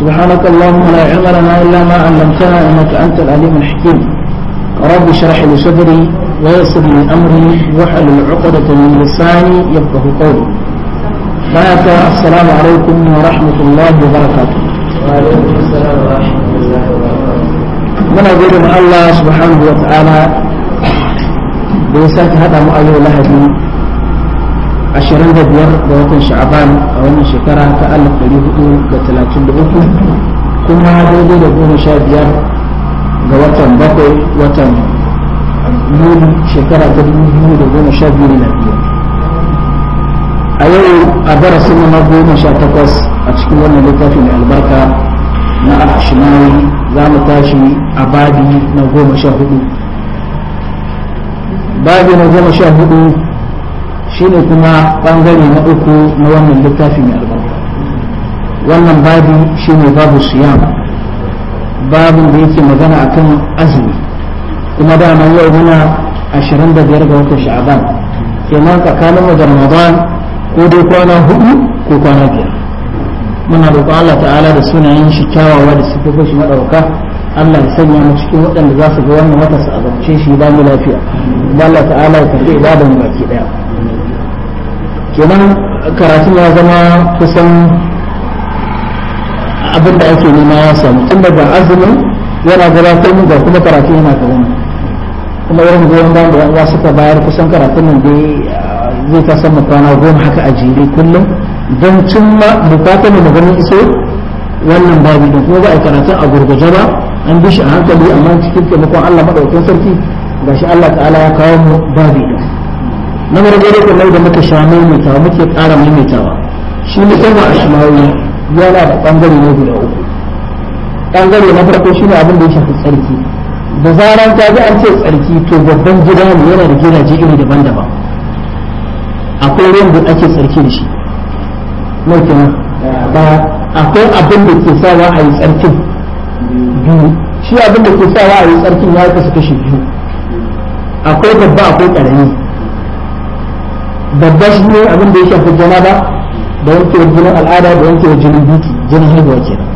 سبحانك اللهم لا علم لنا إلا ما علمتنا إنك أنت العليم الحكيم رب اشرح لي صدري ويسر لي أمري واحلل عقدة من لساني يفقه قولي فأتى السلام عليكم ورحمة الله وبركاته وعليكم السلام ورحمة الله وبركاته من أقول الله سبحانه وتعالى بيسات هذا مؤلف لهدي ashirin da biyar ga watan sha'aban a wannan shekara ta alif dari hudu da talatin da uku kuma daidai da goma sha biyar ga watan bakwai watan yuli shekara ta dubu biyu da goma sha biyu na biyu a yau a darasin na goma sha takwas a cikin wannan littafi mai albarka na al'ashimawi za mu tashi a babi na goma sha hudu babi na goma sha hudu shine kuma bangare na uku na wannan littafi mai albarka wannan babu shine babu siyam babin da yake magana akan azumi kuma dama yau muna 25 ga watan sha'aban kenan tsakanin wajen ramadan ko dai kwana hudu ko kwana biyar muna roƙo Allah ta'ala da sunayen shi kyawawa da sifofin shi madauka Allah ya sanya mu cikin waɗanda za su ga wannan wata su azabce shi ba mu lafiya Allah ta'ala ya karɓi ibadan baki daya kenan karatun ya zama kusan abin da ake nema ya samu tunda ga azumin yana gabatar mu ga kuma karatu yana gaban kuma irin goyon bayan da uwa suka bayar kusan karatun nan dai ah, zai ta san kwana goma haka a jere kullum don cimma bukatar mu ganin iso wannan babu da kuma ba a karatun a gurgaje ba an bi shi a hankali amma cikin taimakon Allah maɗaukin sarki gashi Allah ta'ala ya kawo mu babu na farko da kamar da muka sha maimaitawa muke ƙara maimaitawa shi musamman a shimawi yana da ɓangare ne guda uku ɓangare na farko shi ne abin da ya shafi tsarki da zaran ta ji an ce tsarki to babban gida ne yana da gidaje iri daban-daban akwai ruwan da ake tsarki da shi ba akwai abin da ke sawa a yi tsarkin biyu shi abin da ke sawa a yi tsarkin ya kasu kashi biyu akwai babba akwai ƙarami babba shi ne abin da ya shafi ba da wanke jinin al'ada da wanke jinin biki jinin haihuwa kenan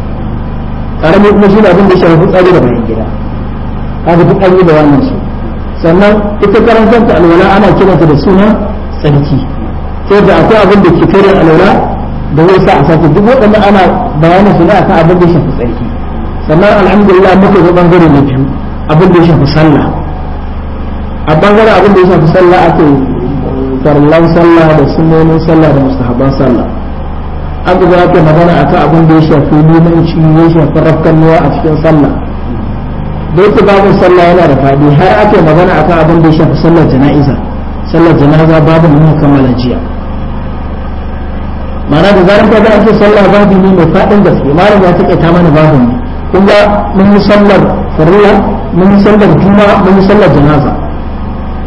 karamin kuma shi ne abin da ya shafi tsari da bayan gida kaga duk an yi da wannan su sannan ita karantanta alwala ana kiranta da suna tsarki sai da akwai abin da ke kare alwala da zai sa a sake duk waɗanda ana bayanin su ne akan abin da ya shafi tsarki sannan alhamdulillah muka ga bangare na biyu abin da ya shafi sallah a bangaren abin da ya shafi sallah ake. farlan sallah da sunnonin sallah da mustahaban sallah aka za ka magana a kan abin da ya shafi limanci ya shafi rafkannuwa a cikin sallah da yake babin sallah yana da faɗi har ake magana a kan abin da ya shafi sallar jana'iza sallar jana'iza babin mun kammala jiya ma'ana da zarar ka ga ake sallah babu ne mai faɗin gaske malam ya take ta mana babin ne kun ga mun yi sallar farilla mun yi sallar juma'a mun yi sallar janaza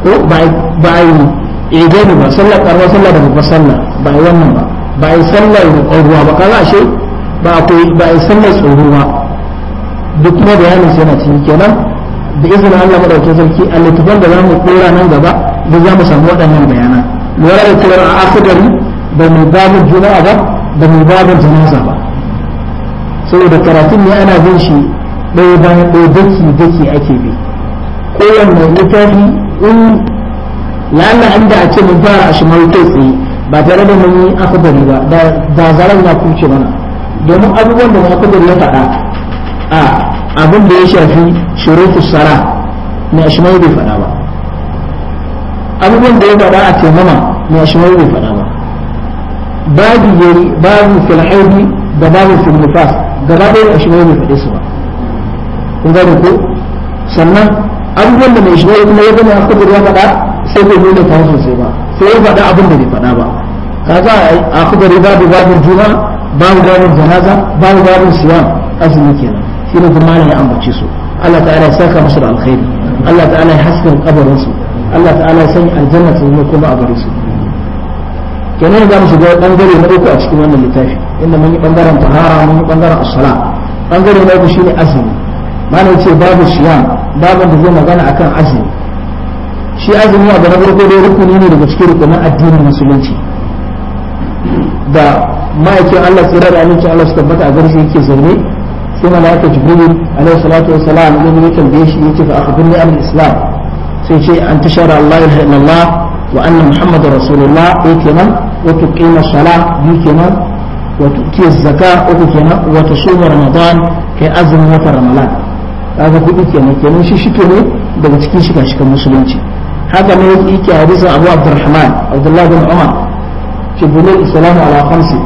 ko ba yi eh gani ba sallar karwa sallar da babbar sallah ba wannan ba ba yi sallar ruwa ba kaza ashe ba akwai ba yi sallar tsoro ba duk kuma bayanin sai na cikin kenan da izinin Allah madaukakin sarki a littafan da mu kora nan gaba da za mu samu waɗannan bayanan lura da cewa a asidari ba mu babu juma'a ba ba mu babu janaza ba saboda karatun ne ana bin shi ɗaya bayan ɗaya daki daki ake bi kowanne littafi in lalla inda a ce mun fara a shimar kai tsaye ba tare da mun yi akabari ba da zaren ya kuce mana domin abubuwan da mun akabari ya faɗa a abin da ya shafi shurutu sara na shimar bai faɗa ba abubuwan da ya faɗa a taimama na shimar bai faɗa ba babu yari babu filhaibi da babu filmufas gaba ɗaya a shimar bai faɗe su ba kun gane ko sannan abubuwan da mai shimar kuma ya gani akabari ya faɗa sai bai nuna ta sosai ba sai ba faɗa abin da bai faɗa ba kaza a kubari da babin juna babu babin janaza babu babin siyan azumi kenan shi ne kuma ya ambace su Allah ta'ala ya saka musu da alkhairi Allah ta'ala ya haska kabarin su Allah ta'ala ya sanya aljanna ta zama kuma a gare su kenan za mu shiga bangare na uku a cikin wannan littafi inda mun yi bangaren tahara mun yi bangaren as-sala bangare na uku shine azumi malam ce babu siyam babin da zai magana akan azumi shi azumi a gaba farko dai rukuni ne daga cikin rukunin addinin musulunci da ma'aikin Allah tsira da aminci Allah su tabbata a garshi yake zaune sai malaika jibril alaihi salatu wassalam ne ya tambaye shi yace fa akhbirni an islam sai ce an tashara Allah ilaha illallah wa anna muhammadar rasulullah yake nan wa tuqima salah yake nan wa tuqi zakka uku kenan wa tasuma ramadan kai azumin watan ramadan kaga kuɗi kenan kenan shi shi ne daga cikin shiga cikin musulunci haka ne yake Abu Abdurrahman Abdullah bin Umar fi bulul Islam ala khamsi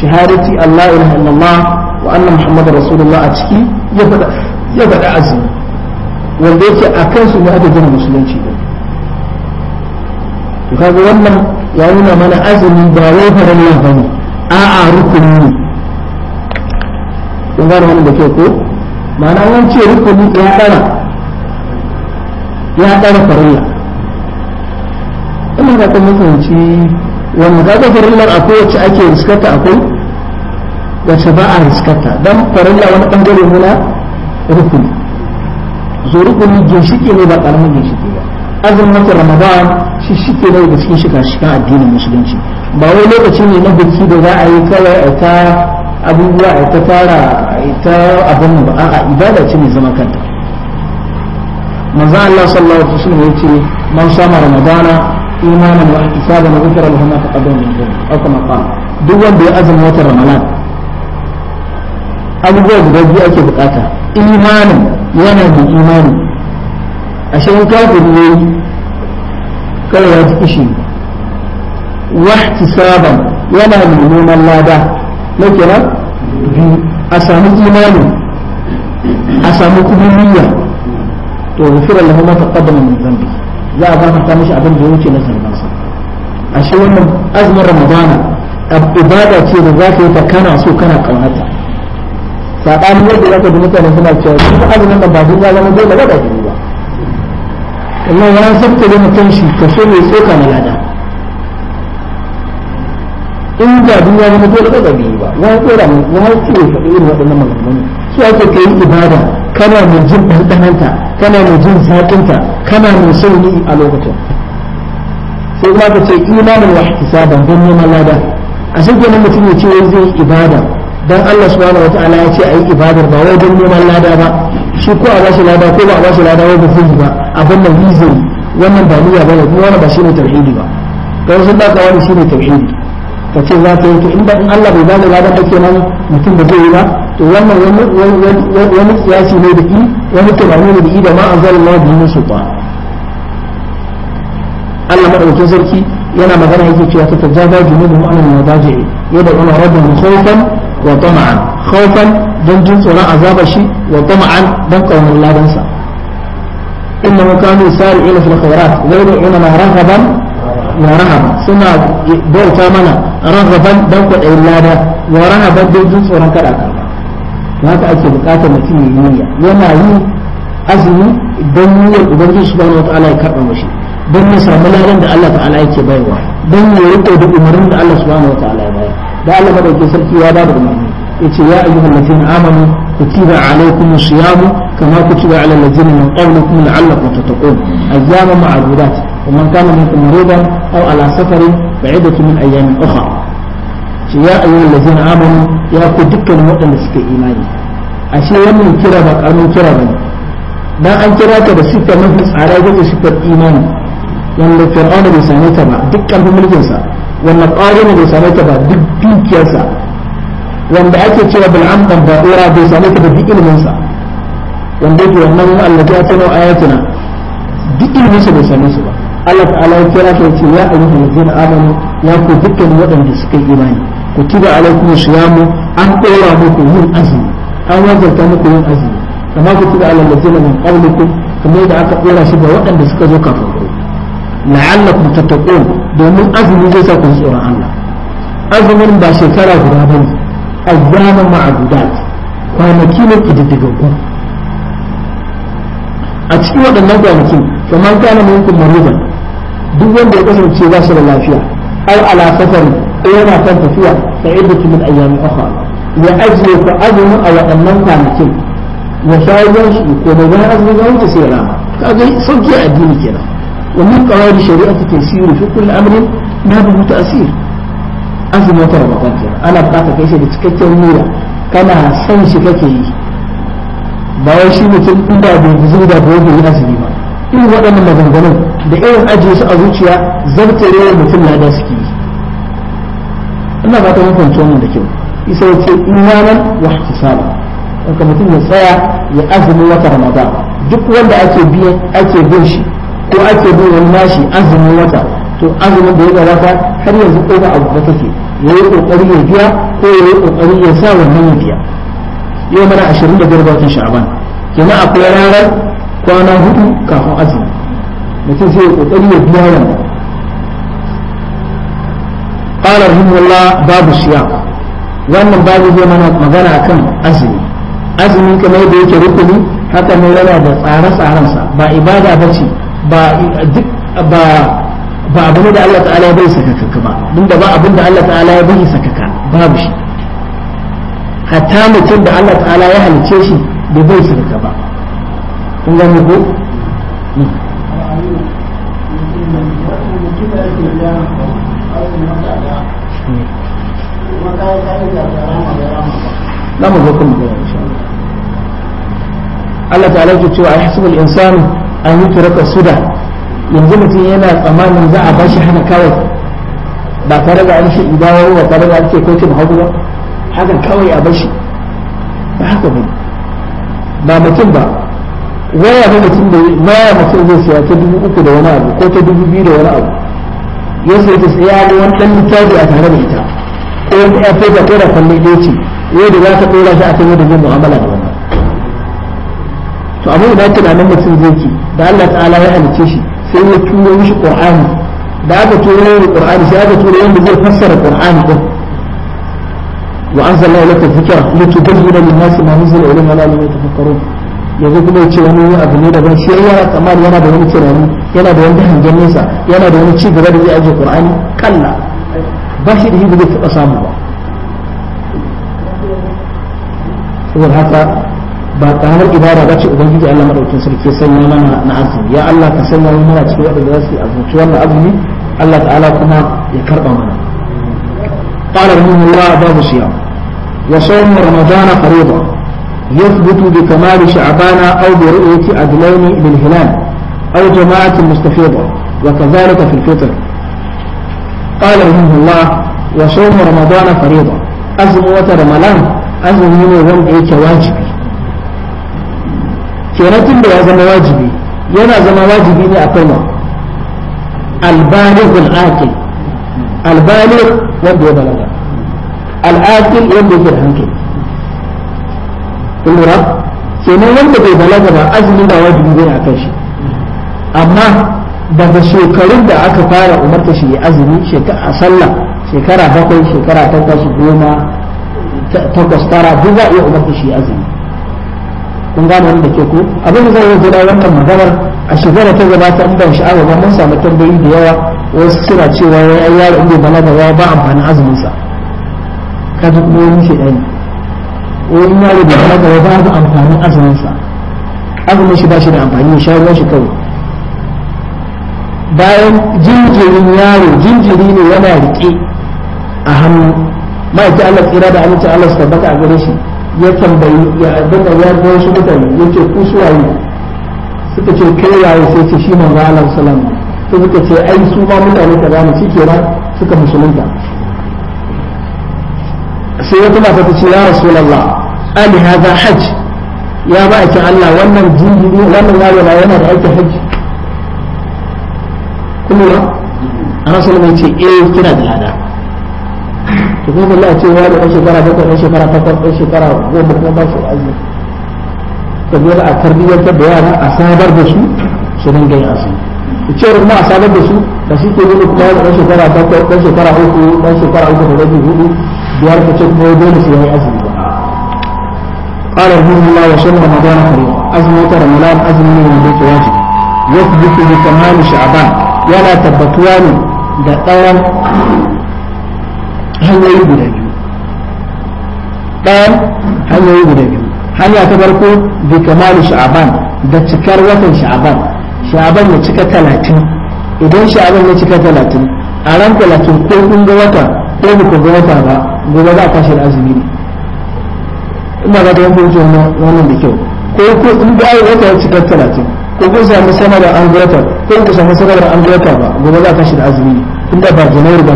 shahadati Allah ilaha illallah wa a ciki ya faɗa ya faɗa azumi wanda yake akan su ne musulunci din to wannan ya nuna mana azumi ba wai a'a rukuni ne kun gane da ke ko ma'ana wance rukuni ya fatan mafinci wanda kaga a akwai wacce ake riskarta akwai wacce ba a riskarta don farilla wani bangare mula na rukuni zo rukuni ginshiki ne ba karamin ginshiki ba azumin watan ramadan shi ke ne daga cikin shiga shiga addinin musulunci ba wai lokaci ne na biki da za a yi kawai a ta abubuwa a ta tara a ta abin ba a'a ibada ce mai zama kanta manzo Allah sallallahu alaihi wasallam yace man sama ramadana إيمانا واحتسابا غفر له ما تقدم من ذنب أو كما قال دول بأزم وتر رمضان أبو جوز بيجي أكي بقاتا إيمانا ينا من إيمان أشهد كافر لي كلا يتكشي واحتسابا ينا من إيمان لا دا لكنا أسامي إيمان أسامي كبيرية تغفر له ما تقدم من ذنبه za a gafarta mishi abin da ya wuce na a ashe wannan azumin ramadana ibada ce da za ka yi ta kana so kana kaunata saɓanin yadda za ka bi mutane suna cewa shi azumin da ba sun zama dole ba da ba Allah ya sabta da mutum shi ka so mai tsoka na lada in ga duniya zama dole ba da ba wani tsora mu ya ce faɗi irin waɗannan maganganu su aka ka yi ibada kana mai jin ɗanɗananta kana mai jin zaƙinta kana mai ni a lokacin sai kuma ka ce imanin wa ihtisaban don neman lada a sai kenan mutum ya ce wai zai yi ibada dan Allah subhanahu wataala ya ce ayi ibadar ba wai don neman lada ba shi ko a ba shi lada ko ba a ba shi lada wai ba zai ba abin da zai wannan ba niyya ba ne kuma wannan ba shine tauhidi ba kawai sun ka wani shine tauhidi ka ce za ka yi to in ba in Allah bai bani ladan ake nan mutum ba zai yi ba to wannan wani siyasi ne da i wani tunani ne da i da ma anzal Allah bi musu ba Allah madaukakin sarki yana magana yake cewa ta tajaba junubu ma'amal madaji'i yadda ana rabbu khawfan wa tama'an khawfan don jin tsoron azabar shi wa tama'an don kaunar ladansa إنهم كانوا يسارعون في الخيرات ويدعوننا رغبا ورهبا سنة بوتا منا رغبا دوكو إلادا ورهبا دوكو سورا كذا haka ake bukatar mutum ya yi niyya yana yi azumi don niyyar ubangiji subhanahu wataala ya karba mashi don ya samu ladan da Allah ta'ala yake baiwa don ya riko da umarnin da Allah subhanahu wataala ya bayar da Allah madaukakin sarki ya ba da umarni yace ya ayyuhal ladina amanu kutiba alaykumus siyamu kama kutiba ala alladhina min qablikum la'allakum tattaqun ayyaman ma'dudat ومن كان منكم مريضا او ala سفر فعدة من ايام اخرى ya ayyuhal ladzina amanu ya ku dukkan waɗanda suka imani ashe wannan kira ba karamin kira bane dan an kira ka da siffar mafi tsara gaba siffar imani wanda fir'auna bai same ta ba duk karfin mulkin sa wanda qarina bai same ta ba duk dukiyar sa wanda ake cewa bil'am dan ba'ura bai same ta ba duk ilimin sa wanda yake wannan allazi su ba Allah ta'ala ya kira ta ya ayyuhal ladzina amanu ya ku dukkan waɗanda suka yi imani kutiba alaikum mu an dora muku yin azumi an wajabta muku yin azumi kama kutiba ala ladina min qablikum kamar da aka dora shi ga waɗanda suka zo kafin ku la'allakum tattaqun domin azumi zai sa ku tsoron Allah azumin ba shekara guda bane azzaman ma'adudat kwanaki ne kididdigaggu a cikin waɗannan kwanaki kamar kana minkum maridan duk wanda ya kasance ba shi da lafiya au ala safarin yana son tafiya sai ya min ayyami ukhra ya ajiye ku azumi a waɗannan kwanakin ya shawo shi ko da bayan azumi ya wuce sai rama kaga sauki addini kenan Wannan min shari'a shari'ati tasiru fi kulli amrin ma bi ta'sir azumi ta ramadan kenan ana buƙatar kai shi da cikakken niyya kana son shi kake yi ba wai shi mutum inda da bai guzuri da yi azumi ba irin waɗannan maganganun da irin ajiye su a zuciya zartare mutum na da suke yi ina ba ta hukunci wannan da kyau isa ya imanan wa ihtisaba kan mutum ya tsaya ya azumi wata ramadan duk wanda ake ake bin shi ko ake bin wani nashi azumin wata to azumin da ya gabata har yanzu ko ba abu ba take ya yi kokari ya biya ko ya yi kokari ya sa wannan ya biya yau mana ashirin da biyar watan sha'aban kenan akwai ranar kwana hudu kafin azumi mutum sai ya kokari ya biya wannan qala rahimullah babu siyam wannan babu zai mana magana akan azumi azumi kamar da yake rukuni haka ne yana da tsare-tsaren ba ibada ba duk ba ba abin da Allah ya bai sakaka ba duk ba abin da Allah ya bai sakaka babu shi hatta mutum da Allah ta'ala ya halice shi da bai sakaka ba ko za mu zo kuma Allah ta'ala ke cewa ai hasbul insanu an yutraka suda yanzu mutum yana tsamanin za a bashi hana kawai ba tare da an shi idawo ba tare da an ce kai kin hagu ba kawai a bashi ba haka ba ba mutum ba waya ba mutum da waya mutum zai siya ta dubu uku da wani abu ko ta dubu biyu da wani abu ta wani littafi a tare da ita ko ya fi ka kora kwallo ɗaya ce yadda za ka ɗora shi a kan yadda zai mu'amala da wannan to abu da tunanin mutum zai ce da Allah ta'ala ya halice shi sai ya turo mishi qur'ani da aka turo mishi qur'ani sai aka turo yanda zai fassara qur'ani din wa anzalna ilayka dhikra litubayyana lin-nasi ma nuzila ilayhim wa la'allahum yatafakkarun yanzu kuma yace wani abu ne daban shi yana kamar yana da wani tunani yana da wani hangen nesa yana da wani ci gaba da zai ajiye qur'ani kalla ba shi da shi ba zai taɓa samu ba saboda haka ba ƙaramar ibada ba ce ubangiji Allah madaukin sarki ya sanya mana na azumi ya Allah ka sanya mana cikin waɗanda za su azumci wannan azumi Allah ta'ala kuma ya karɓa mana قال رحمه الله باب الصيام وصوم رمضان فريضة يثبت بكمال شعبان أو برؤية أدلين للهلال أو جماعة مستفيضة وكذلك في الفطر قال رحمه الله وصوم رمضان فريضة أزم رمضان أزم من wanda yake wajibi kenan da ya zama wajibi yana zama wajibi ne akan wa albaligh al-aqil wanda ya balaga al wanda yake da hankali kullura wanda bai balaga ba azumi da wajibi ne shi amma daga shekarun da aka fara umarta shi azumi a sallah shekara bakwai shekara takwas goma takwas tara duk za a iya umarta shi azumi kun gane wanda ke ku abin da zai yi gudanar wannan maganar a shekara ta gabata in ban sha'awa ba mun samu tambayi da yawa wasu suna cewa ya yi yaro inda balaga ya ba amfanin azumin sa ka ji kuma wani shi ɗani wani yaro da balaga ya ba amfanin azumin sa azumin shi ba shi da amfani ya sha ruwan shi kawai bayan jinjirin yaro jinjiri ne yana riƙe a hannu ma'aikin Allah tsira da aminci Allah su tabbata a gare shi ya tambayi ya abinda ya ga wasu mutane ya ce ku su waye suka ce kai yaro sai ce shi manzo Allah sallallahu alaihi wasallam sai suka ce ai su ma mutane ka zamu shi kenan suka musulunta sai wata mata ta ce ya rasulullah ali hadha hajj ya ma'aikin Allah wannan jinjiri wannan yaro yana da aikin hajji kuma ana salama ce eh kina da lada to kuma Allah ce wani ɗan shekara bakwai ɗan shekara takwas ɗan shekara goma kuma ba shi wa'azi ka zo a tarbiyyantar da yara a sabar da su su dinga yin asiri to cewar kuma a sabar da su da shi ke nuna kuma ɗan shekara bakwai ɗan shekara uku ɗan shekara uku da rabi hudu biyar ka ce kuma dole su yi asiri قال رحمه الله وصوم رمضان كريم أزمة رمضان أزمة من البيت واجب يثبت بكمال شعبان yana tabbatuwa ne da ɗayan hanyoyi guda biyu ɗayan hanyoyi guda biyu hanya ta farko bi kamalu sha'aban da cikar watan sha'aban sha'aban ya cika talatin idan sha'aban ya cika talatin a ran talatin ko kun ga wata ko ba ga wata ba gobe za a tashi da azumi ne ina ga ta yankin wannan da kyau ko ko in ga wata ya cika talatin ko kun samu da an gurata ko kun samu sanarwar an gurata ba gobe za ka shi da azumi inda ba janairu ba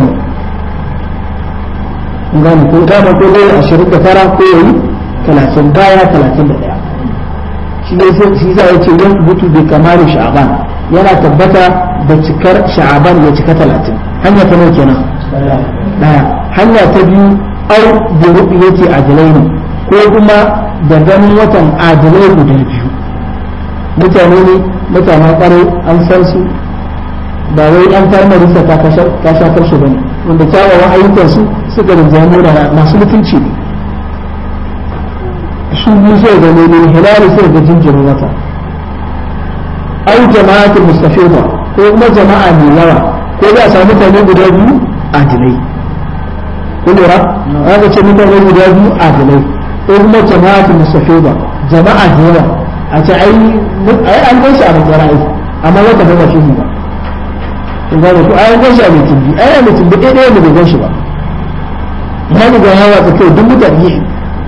ne gani ko ta ko dai ashirin da tara ko yi talatin baya talatin da ɗaya shi ne sai shi za a ce yan butu bai kamar sha'aban yana tabbata da cikar sha'aban ya cika talatin hanya ta nawa kenan ɗaya hanya ta biyu au bi ru'yati ajlaini ko kuma da ganin watan ajlai guda biyu mutane ne mutane ƙwarai an san su ba wai an farma rufe ta kasha karshe ba ne wanda kyawawan ayyukansu suka da zamo da masu mutunci ne shi biyu sai da nemi hilali sai da jinjirin wata au jama'atu mustafiba ko kuma jama'a mai yawa ko za a samu mutane guda biyu adilai kun lura za ka ce mutane guda biyu adilai ko kuma jama'atu mustafiba jama'a da yawa a ce ai an gan shi a matsara ai amma za ka zama shehi ba in gane ko ai an gan shi a mai tumbi ai a mai tumbi ɗaya ɗaya ne bai gan shi ba ya ga ya watsa kai duk mutane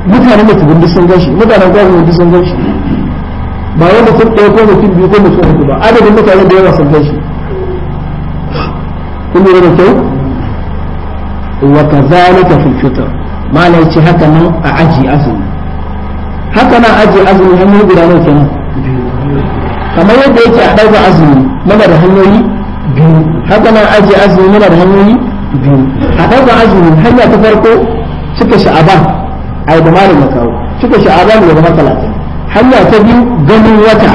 mutane mai tumbi duk sun gan shi mutanen gwamnati duk sun gan shi ba wai mutum ɗaya ko mutum biyu ko mutum uku ba adadin mutane da yawa sun gan shi kun lura da kyau wa kazalika fil fitr malai ce haka nan a aji azumi haka na ajiye azumi hanyoyi guda nawa kenan kamar yadda yake a ɗauka azumi muna da hanyoyi biyu haka na aje azumi muna da hanyoyi biyu a ɗauka azumi hanya ta farko cika sha'aba a yi da malam ya kawo cika sha'aban ya zama talatin hanya ta biyu ganin wata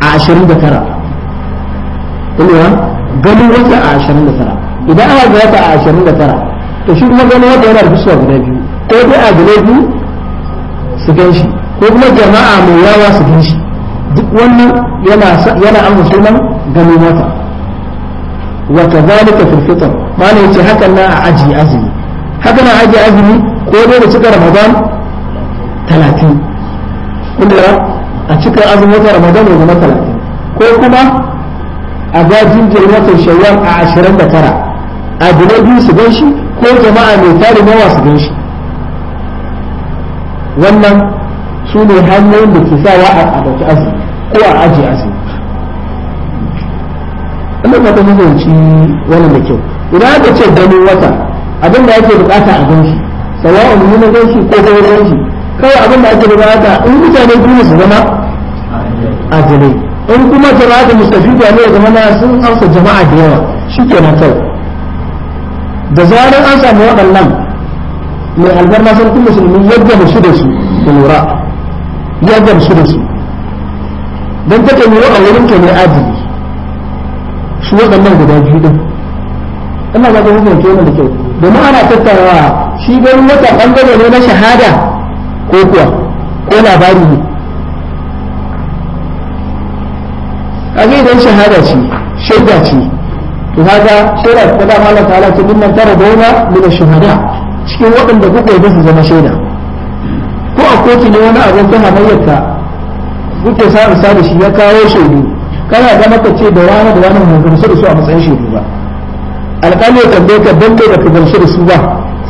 a ashirin da tara ganin wata a ashirin da tara idan aka ga wata a ashirin da tara to shi kuma ganin wata yana da fuska guda biyu ko dai a guda biyu su gan shi ko kuma jama'a mai yawa su gan shi duk wannan yana an musulman gani mata wa kadhalika fil fitr mana yace hakan na a aji azumi haka na aji azumi ko dai da cika ramadan 30 inda a cika azumin wata ramadan ne zama 30 ko kuma a gajin jirmatar shawwal a 29 a biyu su gan shi ko jama'a mai tari mawa su gan shi wannan su ne hanyoyin da ke sawa a ɗauki azumi ko a ajiye azumi Allah ba ta mahimmanci wannan da kyau idan aka ce ganin wata abin da ake bukata a ganshi sawa'un mun ganshi ko ga ganshi kawai abin da ake bukata in mutane duniya su zama adilai in kuma jama'a mustafida ne ya zama na sun amsa jama'a da yawa kenan kawai da zarar an samu waɗannan mai albarna sarkin musulmi ya gamsu da su da lura ya gamsu da su don take lura a wurin ta mai adili su waɗannan guda biyu din ina ga kuma ke da kyau domin ana tattarawa shi ganin wata ɓangare ne na shahada ko kuwa ko labari ne kaga idan shahada ce shaida ce to kaga shaida ta da Allah ta'ala ta dinnan tara dauna min shahada cikin waɗanda kuka yi su zama shaida ko a kotu ne wani abokin hamayyarka kuke sa sada da shi ya kawo shaidu kana ga maka ce da wani da wani mun gamsu da su a matsayin shaidu ba alƙali ya tambaye ka dan kai da ka gamsu da su ba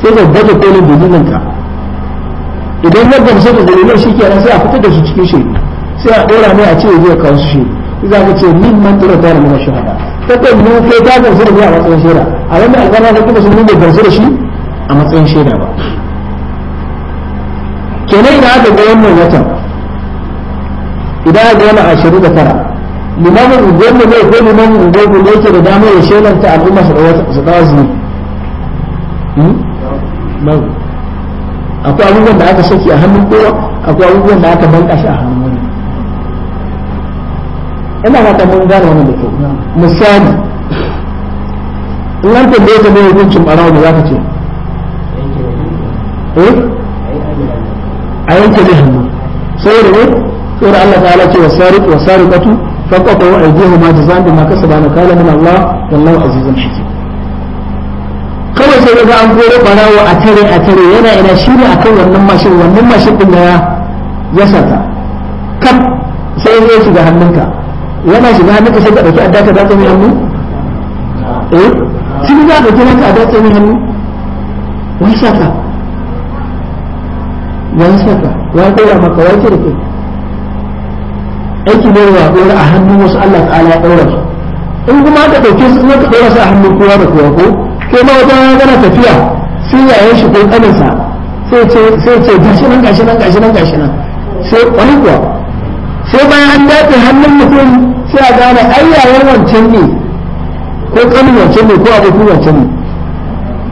sai ka gaje kolin dalilin ka idan na gamsu da dalilin shi ke sai a fitar da su cikin shaidu sai a ɗora mai a ce zai kawo su shi za ka ce min man tura ta mana shahada ta kai mu kai ta gamsu da ni a matsayin shaida a wani alƙali ya kuma sun nuna gamsu da shi a matsayin shaida ba kenan da aka ga wannan watan idan aka yana ashirin da tara limamin unguwarmu ne ko limamin unguwarmu ne yake da damar ya ta al'umma su dawa su ne hmm? akwai abubuwan da aka saki a hannun kowa akwai abubuwan da aka banka shi a hannun wani ina haka mun gane wani da kyau misali in an tambaye ka ne hukuncin ɓarawa da za ka ce eh a yanke da hannu saboda ne da Allah ta'ala ce wa sariq wa sariqatu faqatu ma jazaan bima kasaba na kala min Allah wallahu azizun hakim kawai sai ga an gore barawo a tare a tare yana ina shiri akan wannan mashin wannan mashin din da ya saka. kaf sai ya shiga hannunka yana shiga hannunka sai ka dauki adda ka dace mai hannu eh shi ga dauki maka adda mai hannu wai sata wani ya ɗora maka ya ce da kai aiki ne ya ɗora a hannun wasu Allah ta'ala ya ɗora su in kuma aka ɗauke su in aka ɗora su a hannun kowa da kowa ko kai ma wata gana tafiya sai yayan shi ko ƙaninsa sai ce sai ce gashi nan gashi nan gashi nan gashi nan sai wani kuwa sai bayan an dace hannun mutum sai a gane ai yayan wancan ne ko ƙanin wancan ne ko abokin wancan ne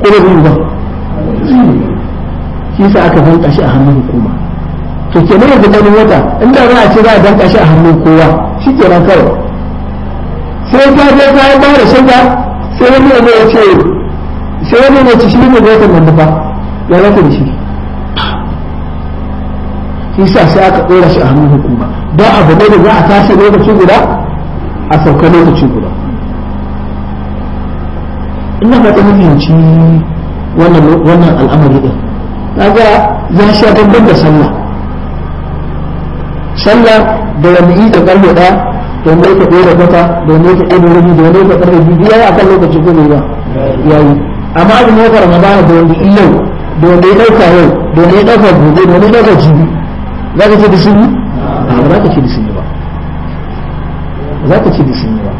ko da ba shi yasa aka danka shi a hannun hukuma to kenan da ganin wata inda za a ce za a danka shi a hannun kowa shi kenan kawai sai ta je ka ba da shaida sai wani ne ya ce sai wani ne ci shi ne da wata nan ya zaka da shi yasa sai aka ɗora shi a hannun hukuma don abu ne da za a tashi lokaci guda a sauka lokaci guda ina fata mafiyanci wannan al'amari ɗin kaga ya sha tabbar da sallah sallah da wani yi da karfe ɗaya wani ka ɗaya da wani ka ɗora ɗaya da wani ka ɗora biyu ya yi a kan lokaci ko ba ya yi amma abin ya fara magana da wani ilau da wani ya ɗauka yau da wani ya ɗauka gobe da wani ya ɗauka jibi za ka ce da sun ba za ka ce da sun ba za ka ce da sun ba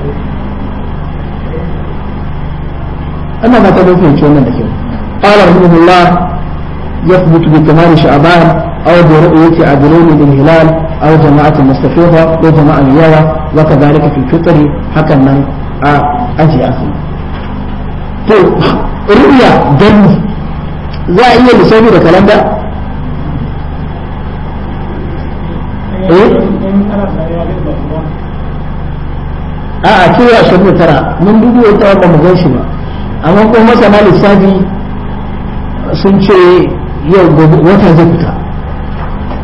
ana mata lokacin wannan da kyau قال رحمه الله يثبت بكمال شعبان أو برؤية عدلين للهلال أو جماعة مستفيضة أو جماعة يوى وكذلك في الفطر حكى من أجي أخي رؤيا جنة za a iya lissafi da kalanda? eh? a a cewa shirin tara mun dubu wata wanda mu gan shi ba amma masana lissafi sun ce yau gobe wata zai fita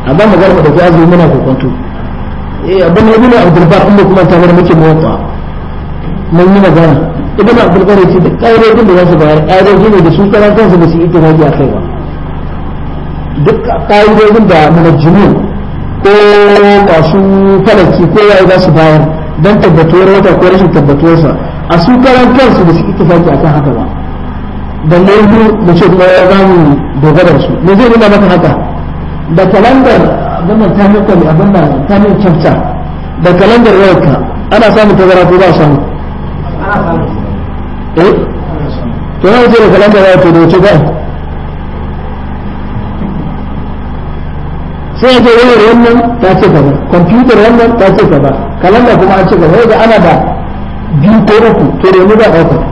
amma magana da ta zai muna kokonto eh abin da ibnu abdul bar kuma kuma ta bar muke mawata mun yi magana idan abdul bar yace da ƙa'idodin da za su bayar ƙa'idodi ne da su karan kansu ba su yi tunani a kai ba duk ƙa'idodin da munajjimin ko masu falaki ko yayi za su bayar dan tabbatuwar wata ko rashin tabbatuwarsa a su karan kansu ba su yi tunani a kan haka ba balle yi da ce kuma ya za mu dogara su me zai nuna maka haka da kalandar wannan ta muka ne abin nan ta ne kyauta da kalandar wayarka ana samun tazara ko ba samu eh to na ce da kalandar wayarka da wace ba sai ya ce wayar wannan ta ce gaba kwamfutar wannan ta ce gaba kalandar kuma an ce gaba da ana da biyu ko uku to da ba ɗaukar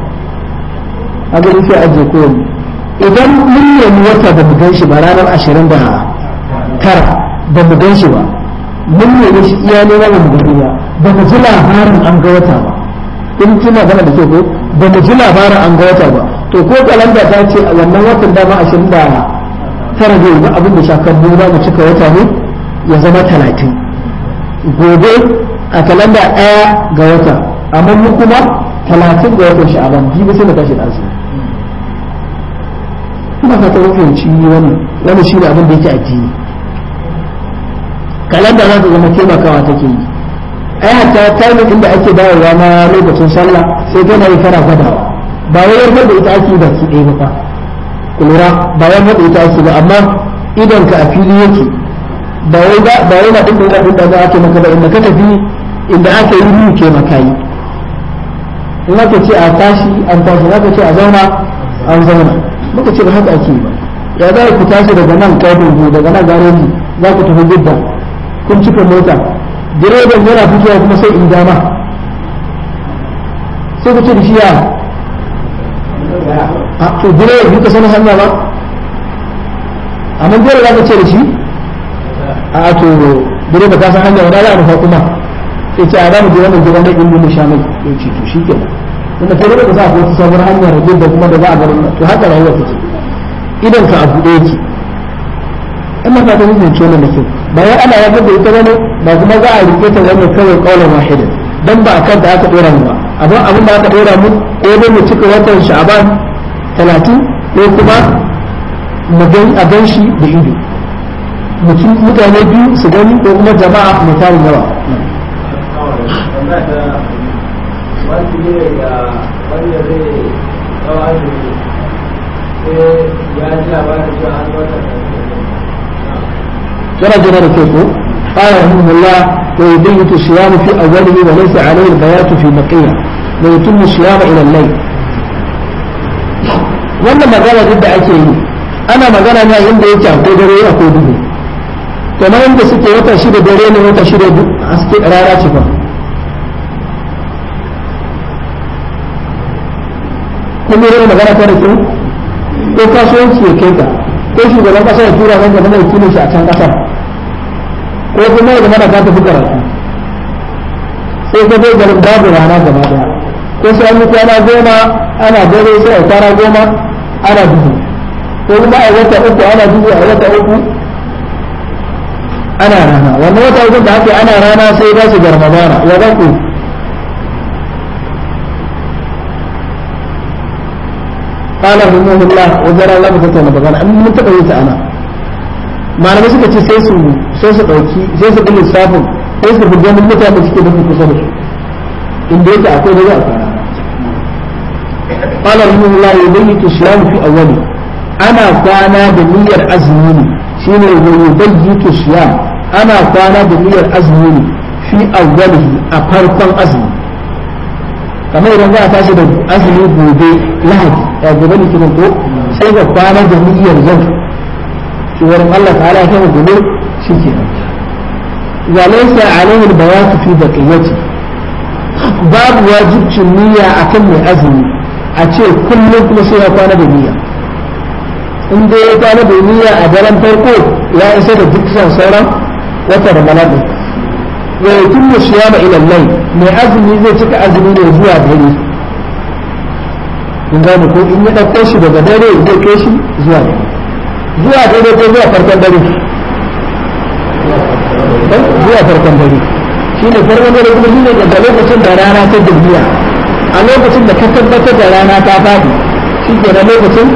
a gani aje ajiye kowanne idan mun nemi wata da mu gan shi ba ranar ashirin da tara ba mu gan shi ba mun nemi shi iya nema ba mu gani ba ba mu ji labarin an ga wata ba in kina gana da ke ko ba mu ji labarin an ga wata ba to ko kalanda ta ce a wannan watan dama ashirin da tara zai yi abin da shakar mu mu cika wata ne ya zama talatin gobe a kalanda ɗaya ga wata amma mu kuma talatin ga watan sha'aban biyu sai mu tashi da kuma ka kawo fahimci wani wani shi ne abin da yake addini kalanda za ta zama taimakawa take yi ai hatta timing inda ake dawowa na lokacin sallah sai ta yi kana gwadawa ba wai yarda da ita ake baki ɗaya ba ku ba wai yarda ita ake ba amma idan ka a fili yake ba wai ba ba wai na dinka dinka da ake maka ba inda ka tafi inda aka yi ruhu ke maka yi in aka ce a tashi an tashi in aka ce a zauna an zauna muka ce ba haka ake ba ya za ku tashi daga nan kafin ku daga nan gare ni za ku tafi jidda kun cika mota direban yana fitowa kuma sai in dama sai ku ce da shi ya a to direban duka sani hanya ba amma dole za ka ce da shi a to direban ka san hanya wa za a rufa kuma sai ce a za mu je wannan gidan da in mu sha mai to shi kenan kuma sai da za a wata hanyar rage da kuma da za a bar to haka rayuwa take idan ka abu ɗaya ce amma ta ta mutum ce wannan kyau ba ya ana yabar da ita bane ba kuma za a rike ta wannan kawai kaulan wahida dan ba akan da aka dora mu ba abin abin da aka dora mu ko da mu cika watan sha'aban talatin ko kuma mu gan a gan shi da ido mutum mutane biyu su gani ko kuma jama'a mu tarin yawa شرع جمال الشيخ قال رحمه الله ويبيت الصيام في أوله وليس عليه البيات في بقية ويتم الصيام إلى الليل وانا ما قال ضد عشيه انا ما قال انا عند ايش اعطي دوري اقول به كما عند ستة وتشيد دورين وتشيد عسكي ارارا شفا na mai rai magana ta da ke ko kasuwanci ya kai ka ko shugaban kasa ya tura zan zama wakilin shi a can kasar ko kuma ya zama da ta tafi karatu sai ka zai garin babu rana gaba daya ko sai an yi kwana goma ana dare sai a kwana goma ana duhu ko kuma a wata uku ana duhu a wata uku ana rana wannan wata uku da ake ana rana sai ba su garmadana ya ba ku qala rahimahullah wa jara ta ana malamai suka ce sai su sai su dauki sai su dinga safin sai su buga mun mutane suke da kusa da su inda yake akwai da za a fara qala rahimahullah yubayyitu islam fi awwali ana kwana da niyyar azumi ne ana kwana da niyyar azumi ne fi a farkon azumi kamar idan za a tashi da azumi gobe lahadi ya gobe ne kiran ko sai ga kwana da niyyar yau shi wurin Allah ta'ala ya kai gobe shi ke wa laysa alayhi al-bayatu fi baqiyati babu wajibcin niyya akan mai azumi a ce kullum kuma sai ya kwana da niyya in dai ya kwana da niyya a daren farko ya isa da duk sauran wata ramadan wa yutimmu siyama ila al-layl mai azumi zai cika azumi ne zuwa dare kun gane ko in ya dauko shi daga dare zai kai shi zuwa dare zuwa dare ko zuwa farkon dare eh, zuwa farkon dare shi ne farkon dare kuma shi ne daga lokacin da rana ta dubiya a lokacin da ka tabbatar da rana ta faɗi shi ke da lokacin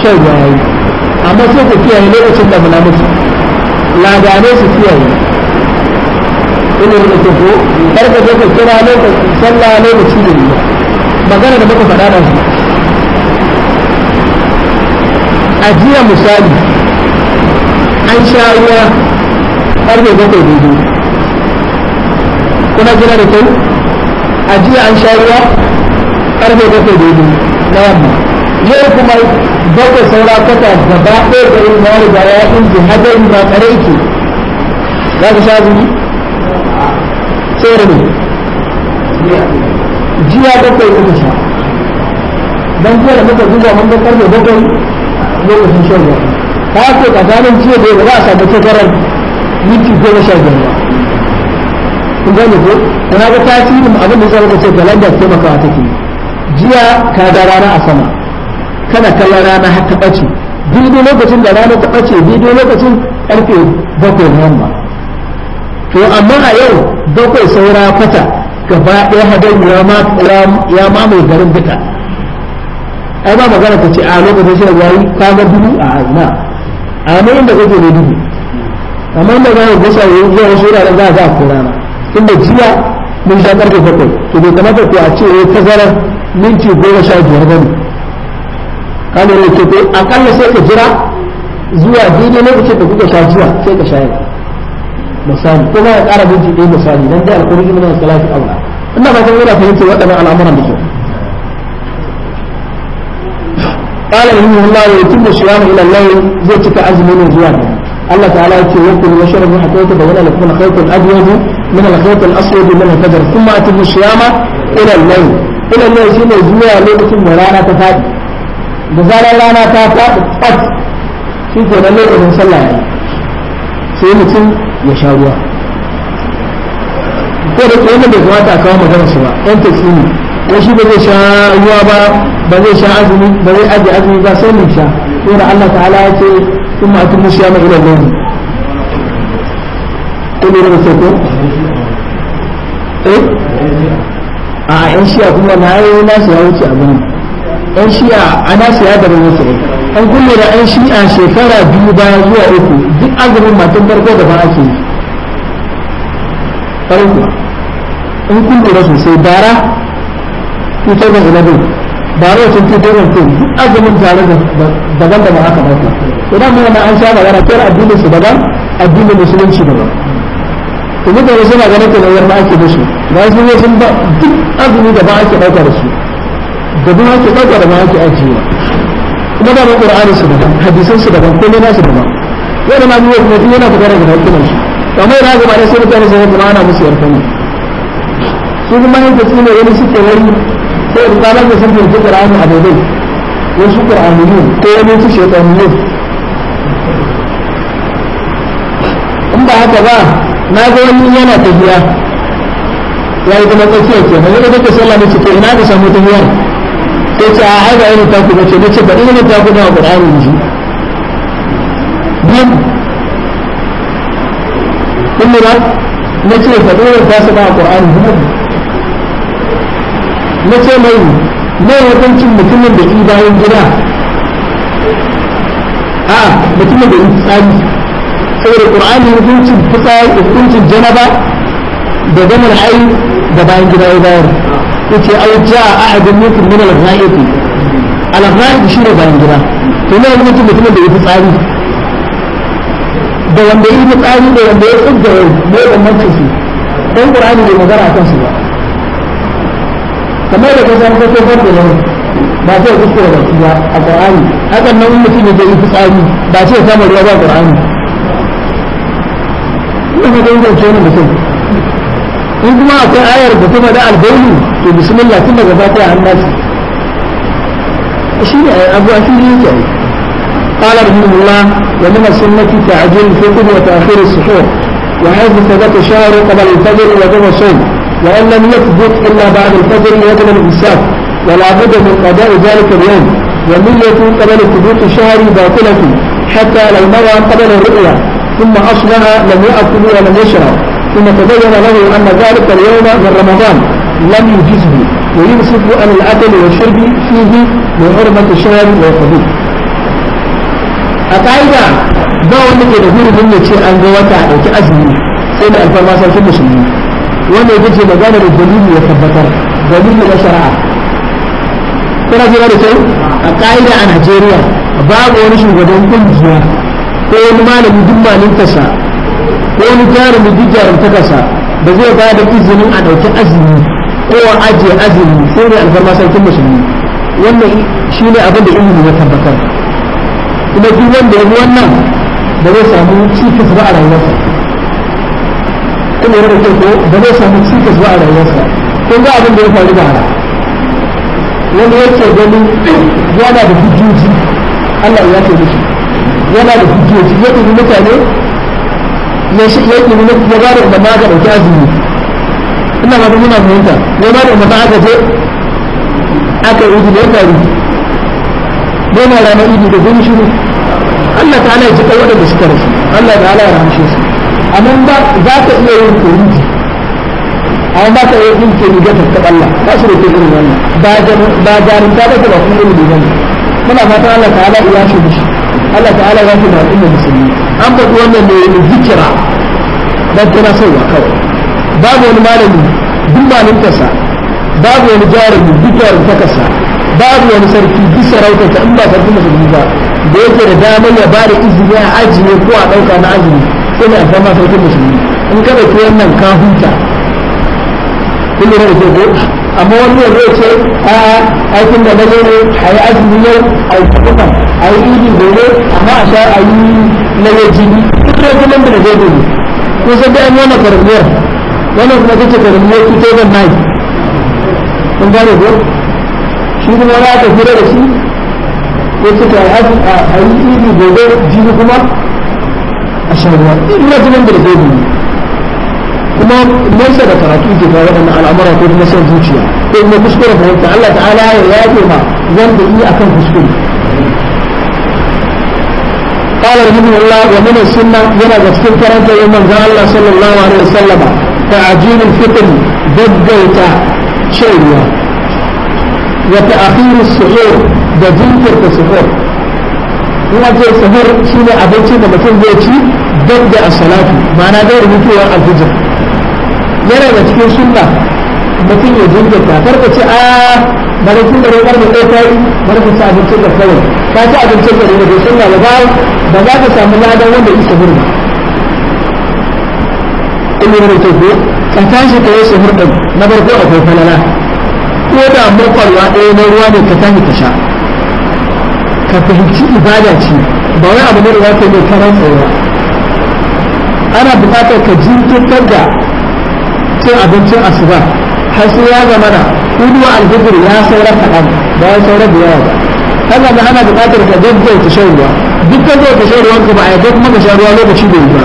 shan yayi amma sai ka kiyaye lokacin da mulamuci ladanai su kiyaye ina da ta ko karka ka kira lokaci sallah lokaci da biyu magana da muka faɗa da su a jiya misali an sha ruwa ƙarfe bakwai daidai kuna jira da kai a jiya an sha ruwa ƙarfe bakwai daidai na yamma yau kuma bakwai saura kwata gaba ɗaya garin na riga ya ɗin jihadari ba tsare ke za ka sha zuri tsere ne jiya bakwai kuka sha jiya da muka duba mun ga karfe bakwai lokacin shan ruwa ta ce tsakanin jiya da ba za a samu tazarar minti goma sha biyar ba kun gane ko kana ga tasirin abin da zai rika ce jiya ka ga rana a sama kana kallon rana har ta ɓace daidai lokacin da rana ta bace daidai lokacin karfe bakwai na yamma to amma a yau bakwai saura fata gaba ɗaya hadari ya mamaye garin duka ai ba magana ta ce a lokacin shi da yayi kaga dubu a azna a mai inda kake ne dubu amma inda za a gasa yi zuwa wasu wuraren za a za a kura na inda jiya mun sha karfe bakwai to bai kamata ku a ce yi eh, tazarar minti goma sha biyar ba ne kamar yake ko akalla sai ka jira zuwa daidai lokacin da kuka sha zuwa sai ka sha yau misali ko ba ya ƙara minti ɗaya misali dan dai alkhuruj min salati aula ina ba zan yana fahimta waɗannan al'amuran قال رحمه الله يتم الصيام الى الليل زي كعزم وزوان الله تعالى يكي وكل وشرب حتى يتبين لكم خيط الابيض من الخيط الاسود من الفجر ثم اتم الصيام الى الليل الى الليل شنو زوى ليله ورانا تفاد بزارة رانا تفاد قط شوفوا الليل من صلى يعني سيمتم ya sha ruwa ko da kuma bai kamata a kawo magana su ba ɗan tafi ne ko shi ba zai sha ruwa ba ba zai sha azumi ba zai ajiye azumi ba sai mai sha ko da Allah ta'ala ya ce kuma a tun musu ya mai ilan ko ne da sai ko eh a shiya kuma na yi nasu ya wuce abin shiya a nasu ya an kuma da an shi a shekara biyu ba zuwa uku duk azumin matan farko da ba ake yi farko in kuma da sosai bara 2011 bara wacin 2010 duk azumin tare daban da ba aka ba ku mu yana an sha yana kar addinin su daban addinin musulunci daban to mutane suna ganin ta nawar ma ake da su ba su ne sun ba duk azumi da ba ake dauka da su da ba ake dauka da ba ake ajiyewa kuma da qur'anin su daban hadisan su daban komai nasu daban yana ma biyo kuma yana fita daga hankalin su amma yana ga bane sai mutane sai kuma ana musu yarfa ne su kuma ne su ne wani suke wani sai da tsanar da sun fahimci qur'ani a daidai wasu qur'ani ne ko wani su shaytanu ne in ba haka ba na ga wani yana tafiya ya yi kuma tsakiyar ke na zai da kake sallah ne ce to ina ka samu tafiyar sai ce a haɗa yana ta kuma ce na ce bari yana ta kuma a ƙur'anin ji biyu kun lura na ce bari yana ta sama a ƙur'anin ji na ce mai mai hukuncin mutumin da ke bayan gida a mutumin da i tsari saboda ƙur'anin hukuncin fitsari hukuncin janaba da zaman ai da bayan gida ya bayar yace au jaa ahadun minkum min al-ghaib al-ghaib shine gida to ne mutum mutumin da yake tsari da wanda yake tsari da wanda yake ne shi dan qur'ani bai magana akan shi ba kamar da ka san ko ko ba sai kuskure da ba a qur'ani hakan nan mutum da yake tsari ba sai ba qur'ani ne mutum in kuma akwai ayar da ta faɗa albaulu to bismillah tun daga fatiha an nasu shi ne abu a yake قال رحمه الله ومن السنة تعجيل الفطر وتأخير السحور وحيث ثبت الشهر قبل الفجر وجب الصوم وإن لم يثبت إلا بعد الفجر وجب الإمساك ولا بد من قضاء ذلك اليوم يكون قبل ثبوت الشهر باطلة حتى لو نوى قبل الرؤيا ثم أصلها لم يأكل ولم يشرب ثم تبين له أن ذلك اليوم من رمضان لم يجزه وينصف أن الأكل والشرب فيه لغربة الشهر والخبيب أتعيدا دعوة التي تقول من يتشي أن دوتا أو تأزمي سيد الفرماسة في المسلمين وأن يجزي مجال الدليل يتبطر دليل من الشرعة كنا في غير شيء أتعيدا عن هجيريا باب ونشي كل جوا كل ما لم يدمى لنتسى ko wani jarumi ta kasa ba zai ba da izinin a ɗauki azumi ko a ajiye azumi sai ne alfarma sarkin musulmi wannan shi ne abin da ilimin ya tabbatar kuma duk wanda ya wannan ba zai samu cikas ba a rayuwarsa kuma yana rage ko ba zai samu cikas ba a rayuwarsa kun ga abin da ya faru da hara wani yake gani yana da hujjoji Allah ya ce mishi yana da hujjoji ya ɗauki mutane ya shi ya yi nuna ya ba da umarna aka ɗauki azumi ina ba da muna fahimta ya ba da umarna aka je aka yi idi da ya faru goma ranar idi da gani shiru Allah ta'ala ya ji kai waɗanda suka rasu Allah ta'ala ya ramshe su amma ba za ka iya yin kuriji amma ba ka iya yin kuri ga ta Allah ba su da ke irin wannan ba jarinta ba ta ba kuma ilimi ba ne muna fatan Allah ta'ala ya shi da shi Allah ta'ala ya fi da musulmi an faɗi wannan ne zikira dan tana sauwa kawai babu wani malami duk malintarsa babu wani jarumi duk jarumtakarsa babu wani sarki duk sarautarsa in ba sarki musulmi ba da yake da damar ya ba da izini a ajiye ko a ɗauka na azumi sai mai alfama sarkin musulmi in ka ɗauki wannan ka huta kun da ke amma wani yanzu ya ce a aikin da nazo ne a yi azumi yau a yi tafuka a yi idi gobe amma a sha a yi na yau jibi duk da kuma da zai gobe ko sai da an yi wannan karamiyar wannan kuma kace karamiyar 2009 kun gane ko shi kuma na aka fira da shi ya ce ta a yi ibi gobe jini kuma a sha ruwa duk da kuma da zai gobe kuma nesa da karatu ke kawo waɗannan al'amura ko kuma san zuciya ko kuma kuskure fahimta Allah ta'ala ya yafe ma wanda yi akan kuskure قال رحمه الله ومن السنة ينا تفسير كرنت يوم من الله صلى الله عليه وسلم تعجيل الفطر بديت شيئا وتأخير السحور بديت السحور sahur shi ne da mutum zai ci duk da asalatu yana da cikin sunna mutum ya jinkirta kar ka ce a ah, bari tun da roƙar da kai kai bari ka ci abincin da kawai ka ci abincin da daga sunna ba ba ba za ka samu ladan wanda isa hurma in yi rike ko ka tashi ka yi shi hurɗin na a akwai falala ko da makwalwa ɗaya na ruwa ne ka tashi ka sha ka fahimci ibada ce ba wai abu ne da za ka yi karan tsaye ana buƙatar ka jinkirtar da cin abincin asuba har sai ya zama na kudu alfijir ya saurar kaɗan bayan saurar da yawa ba haka da ana buƙatar ka jajjaita shan ruwa duk ka zo ka shan ruwan ka ba a yadda kuma ka sha ruwa lokaci da yi ba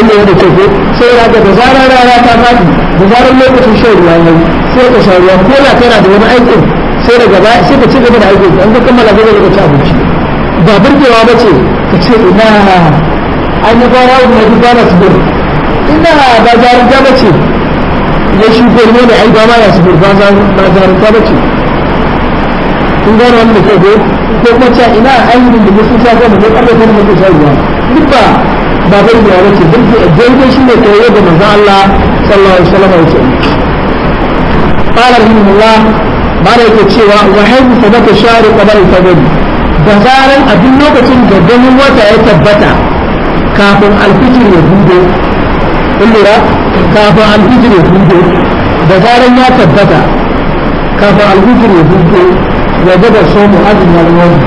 inda ya da kyau ko sai ya ga da zarar rana ta faɗi da zarar lokacin shan ruwa ya yi sai ka sha ruwa ko da kana da wani aikin sai daga baya sai ka ci gaba da aikin an ka kammala gaba da ci abinci ba burgewa ba ce ka ce ina an yi fara wani na dubara su gudu ina ba jarumta ba ce ya shugo ne da ai ba ma ya su ba jarumta ba ce kun gane da ke ko ko kuma cewa ina ainihin da musu ta gama ne ƙarfe ta mutu ta ruwa duk ba ba bai da wani ce duk daidai shi ne koyo da manzon Allah sallallahu alaihi wasallam ya ce qala rahimullah bare yake cewa wa hayyu sabata shari ta fajr da zaran a duk lokacin da ganin wata ya tabbata kafin alfijir ya hudo kun lura kafin alhijir ya hudu da zaran ya tabbata kafin alhijir ya hudu ya gaba somu azumi alwani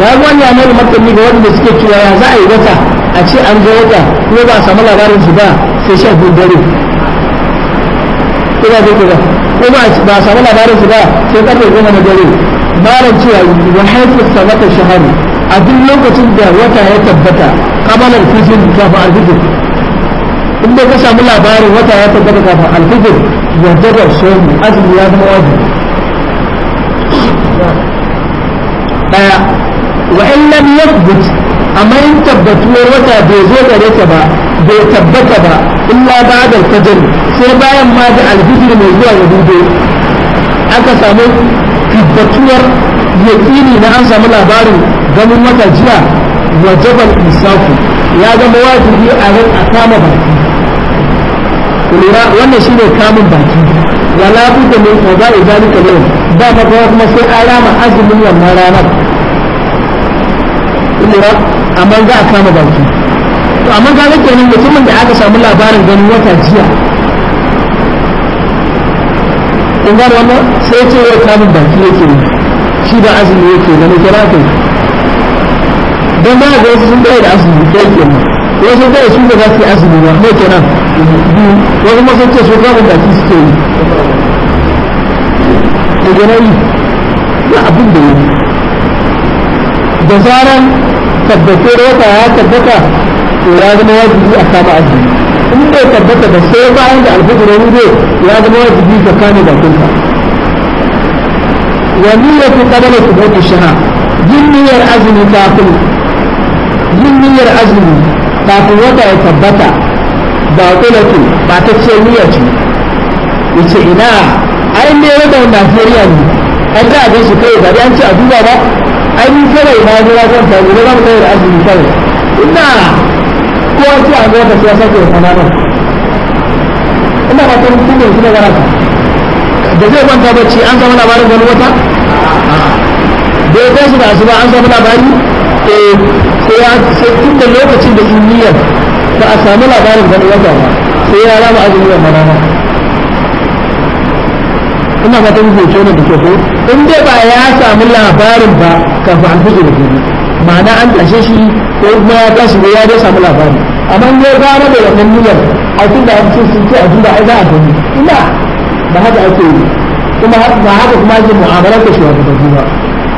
ya yi wani ya nuna martani ga wanda suke cewa ya za a yi wata a ce an zo wata ko ba a samu labarin su ba sai shan biyu dare ko ba kuma ko ba ko ba a samu labarin su ba sai karfe goma na dare malam cewa wa haifu sabata shahari a duk lokacin da wata ya tabbata kamalar fisin kafin alhijir in dai ka samu labarin wata ya tabbata kafin alfijir ya jabar shomi azumi ya zama wajibi daya wa in lam yathbut amma in tabbatuwar wata bai zo gare ta ba bai tabbata ba illa ba'da al-fajr sai bayan ma da alfijir mai zuwa ya dube aka samu tabbatuwar yaƙini na an samu labarin ganin wata jiya wajabar isafu ya zama wajibi a ran a kama baki lura wannan shine kamun baki wala budda min qada'i zalika yawm ba ma kuma sai alama azumin wannan ranar lura amma za a kama baki to amma ga kenan mutumin da aka samu labarin ganin wata jiya kun ga wannan sai ce wai kamun baki yake shi da azumi yake da ne kira kai dan ba ga wasu sun da azumi kai kenan wai sun kai su ba za su yi azumi ba mai kenan wai kuma sun ce su kamun da su suke yi da ganayi na abin da yi da zaran tabbatar wata ya tabbata to ya zama wajibi a kama azumi in bai tabbata da sai bayan da alfajir ya rude ya zama wajibi ka kame bakinka wa niyyatu qabla thubuti shana yin niyyar azumi kafin yin niyyar azumi kafin wata ya tabbata ba kulatu ba ta ce niyya ce yace ina ai ne wata riya ne an ta abin su kai bari an ce a duba ba ai ni sai ina jira zan ta gobe ba mu kai da azumi kai ina ko a ce a ga wata siyasa ke sanana ina ba ta mutum ne da ta da zai kwanta bacci an samu labarin wani wata da ya tashi da ba an samu labari eh sai ya sai tun da lokacin da in niyyar ba a samu labarin da ya ba sai ya rama azumi wa marana ina fatan ku ce ne da kyau. in dai ba ya samu labarin ba kafin an fito da gobe ma'ana an tashe shi ko kuma ya tashi ne ya dai samu labari amma in ya gano da wannan niyyar a tun da an ce sun ce a tun da ai za a gani ina ba haka ake yi kuma ba haka kuma ake mu'amalar da shi wa ba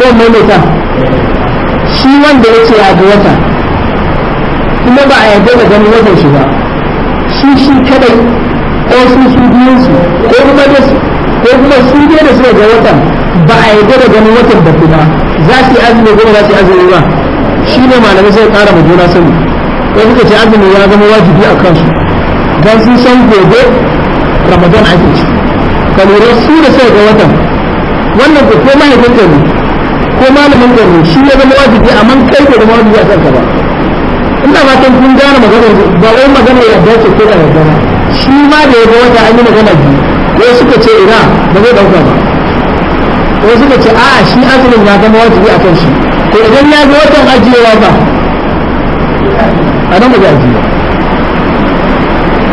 ko maimaita shi wanda ya ce a ga wata kuma ba a yarda da ganin watan shi ba shi shi kadai ko su su biyun su ko kuma da su ko kuma su biyar da su da watan ba a yarda da ganin watan da kuma za su yi azumi ko za su yi azumi ba shi ne malamai sai kara ma juna sani ko kuka ce azumi ya zama wajibi a kansu don sun san gobe ramadan ake ci ka lura su da suka ga watan wannan ko ko mahaifin ne ko malamin gari shi ya zama wajibi amma kai da zama wajibi a kanka ba ina fatan kun gane magana ba wai magana ya dace ko da yarda ba shi ma da ya ga wata an yi magana biyu ko suka ce ina ba zai dauka ba ko suka ce a shi azumin ya zama wajibi a kan shi ko idan ya ga watan ajiyewa ba a nan ba zai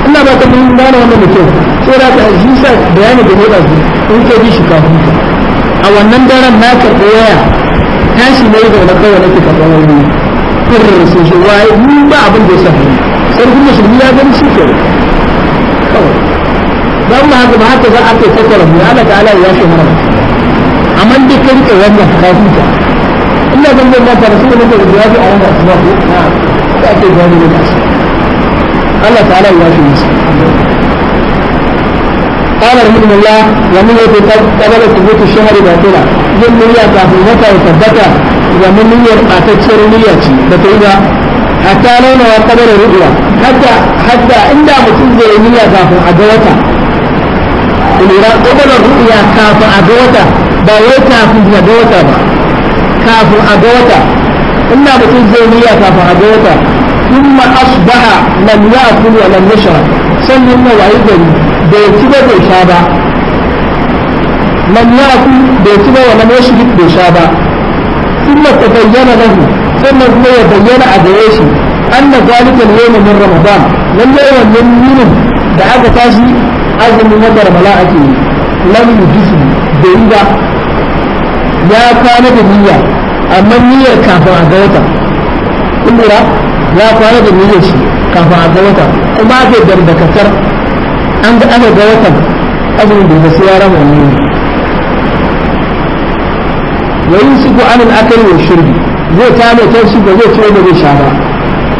ina ba ta kun gane wannan mutum sai da ka shi sa bayani da ne ba in ke bi shi kafin ka a wannan daren na karɓi waya tashi na yi zaune kawai nake karɓar wani kurin sun shi waye ni ba abin da ya shafi sarkin musulmi ya gani shi ke kawai don ba haka ba haka za a kai tattara mu Allah ta'ala ya shi mana amma da kai rike wannan ka huta ina zan zan mata da su ne da jawabi a su ba ku na ta ke gani da Allah ta'ala ya shi musu قال رحمه الله ومن يتقد قبل ثبوت الشهر باطلا yin niyya kafin wata ya tabbata zaman niyyar ɓatacciyar niyya ce ba ta yi ba yi a ga wata lura kabar ba wai kafin a ga wata ba inda mutum zai yi kafin a wata na wayi gari bai ci ba bai sha ba man yaku bai ci ba wa man yashrik bai sha ba thumma tabayyana lahu sannan kuma ya bayyana a gare shi anna zalika al-yawm min ramadan nan ne wannan da aka tashi azumin wata ramadan ake yi lam yujisu bai ba ya kwana da niyya amma niyyar kafin a ga wata kun ya kwana da niyyar shi kafin a ga wata kuma aka yi an ga aka ga watan azumin da ba sai ya rama ne wa yusiku anil akari wa shurbi zai ta mai ta shi ba zai ci wanda zai sha ba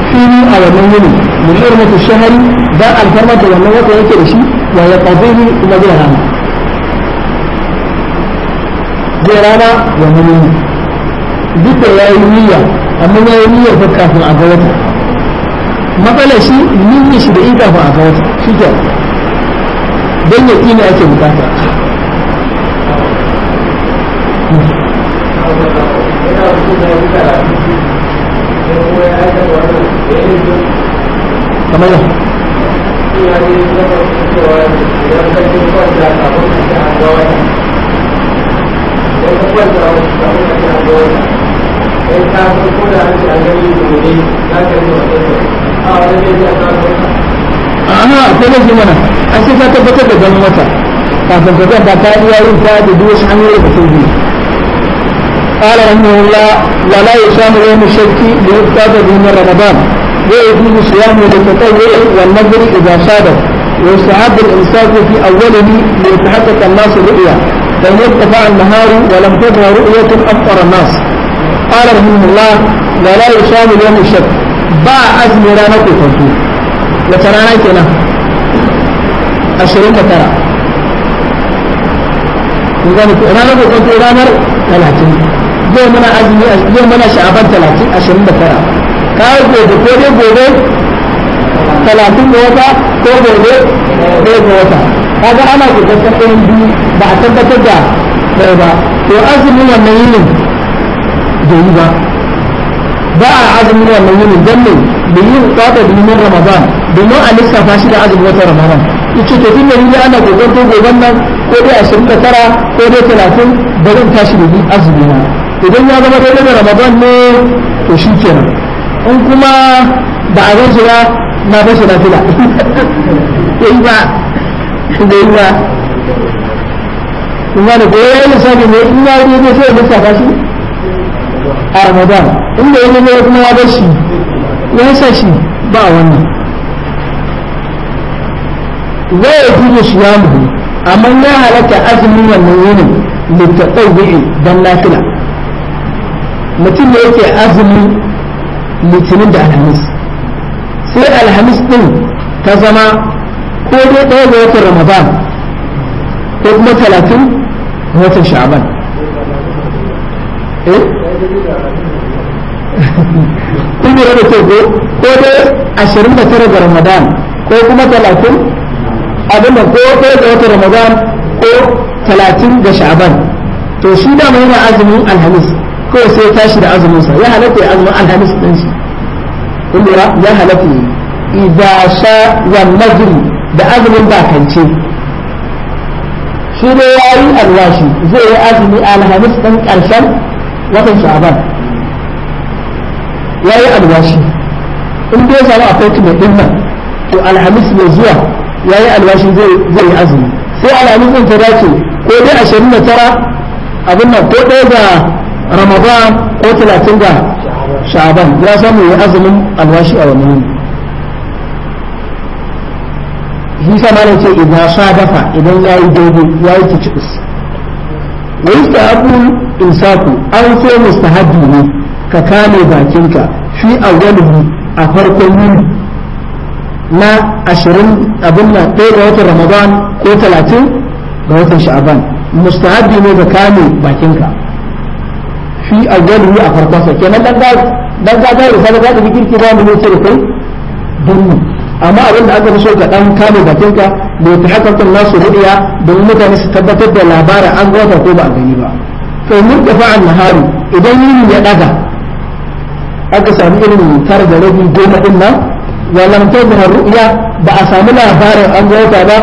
fili a wannan yini min irmatu shahari dan alfarma da wannan wata yake da shi wa ya qadini kuma zai rama zai duk da yayi niyya amma yayi niyyar fa kafin a ga wata matsalar shi niyyar shi da in kafin a ga wata shi don ya ne ake bukata kamar yau Thank you. aha akwai laifi mana an sai ka tabbatar da ganin wata kafin ka kwanta ta قال رحمه الله ولا يصام يوم الشرك ليفتاد من رمضان ويجوز صيامه للتطوع والنذر اذا صادف ويستحب الامساك في اوله ليتحقق الناس الرؤيا لم يرتفع النهار ولم تظهر رؤيه افطر الناس قال رحمه الله ولا يصام يوم الشرك باع ازمرانك تنفيذ wata rana kenan ashirin da tara kun gani ko ranar ko ranar talatin zai muna azumi zai muna sha'aban talatin ashirin da tara kawai gobe ko dai gobe talatin da wata ko gobe ɗaya da wata kaga ana kokarin ɗayan biyu ba a tabbatar da ɗaya ba to azumin wannan yinin bai yi ba ba a azumin wannan yinin dan ne da yin tsada da yin ramadan domin a lissafa shi da azumin wata ramadan ita to tun da ni ana gogon gogon nan ko dai 29 ko dai Talatin ba zan tashi da ni azumi na idan ya zama daidai da ramadan ne to shi kenan in kuma ba a gan ba na bashi na fila ba da yi ba da goyon lissafi ne in ya yi ne sai lissafa shi a ramadan inda ya zama kuma ya bar shi ya sa shi ba wannan wai ya tuzo shi ya amma ya halatta azumin wannan yinin littattafai don nafila mutum da yake azumin litinin da alhamis sai alhamis din ta zama ko dai ɗaya ga watan ramadan ko kuma talatin watan sha'aban eh kun lura da ke ko ko dai ashirin ga ramadan ko kuma 30 abin da ko ɗaya ga wata ramadan ko 30 ga sha'ban to shi da mai yana azumin alhamis kawai sai ya tashi da azumin sa ya halatta ya azumin alhamis din shi kun lura ya halatta ya idza sha wa maghrib da azumin bakance shi dai yayi alwashi zai yi azumi alhamis din karshen watan sha'ban ya yi alwashi in dai samu appointment din nan to alhamis mai zuwa ya yi alwashi zai yi azumi sai alhamis din ta dace ko dai ashirin da tara abin nan ko ɗaya ga ramadan ko talatin ga sha'aban ya samu ya azumin alwashi a wannan yini Isa ma ce idan sa dafa idan ya yi dogo ya yi kicikus. in sa ku insaku an so mustahabi ne ka kame bakinka fi awwalihi a farkon yini na ashirin abin na ɗaya ga watan ramadan ko talatin ga watan sha'aban mustahab'i ne ka kame bakinka fi awwalihi a farkon sa kenan dan ga dan ga da sai ka tafi kirki ba mu ne ce kai dunni amma abin da aka fi so ka dan kame bakinka bai ta haka kan nasu rudiya don mutane su tabbatar da labarin an gwata ko ba a gani ba kai mun kafa an nahari idan yini ya daga aka samu irin tare da rabi goma din nan lamta tazhar ru'ya ba a samu labarin an ga wata ba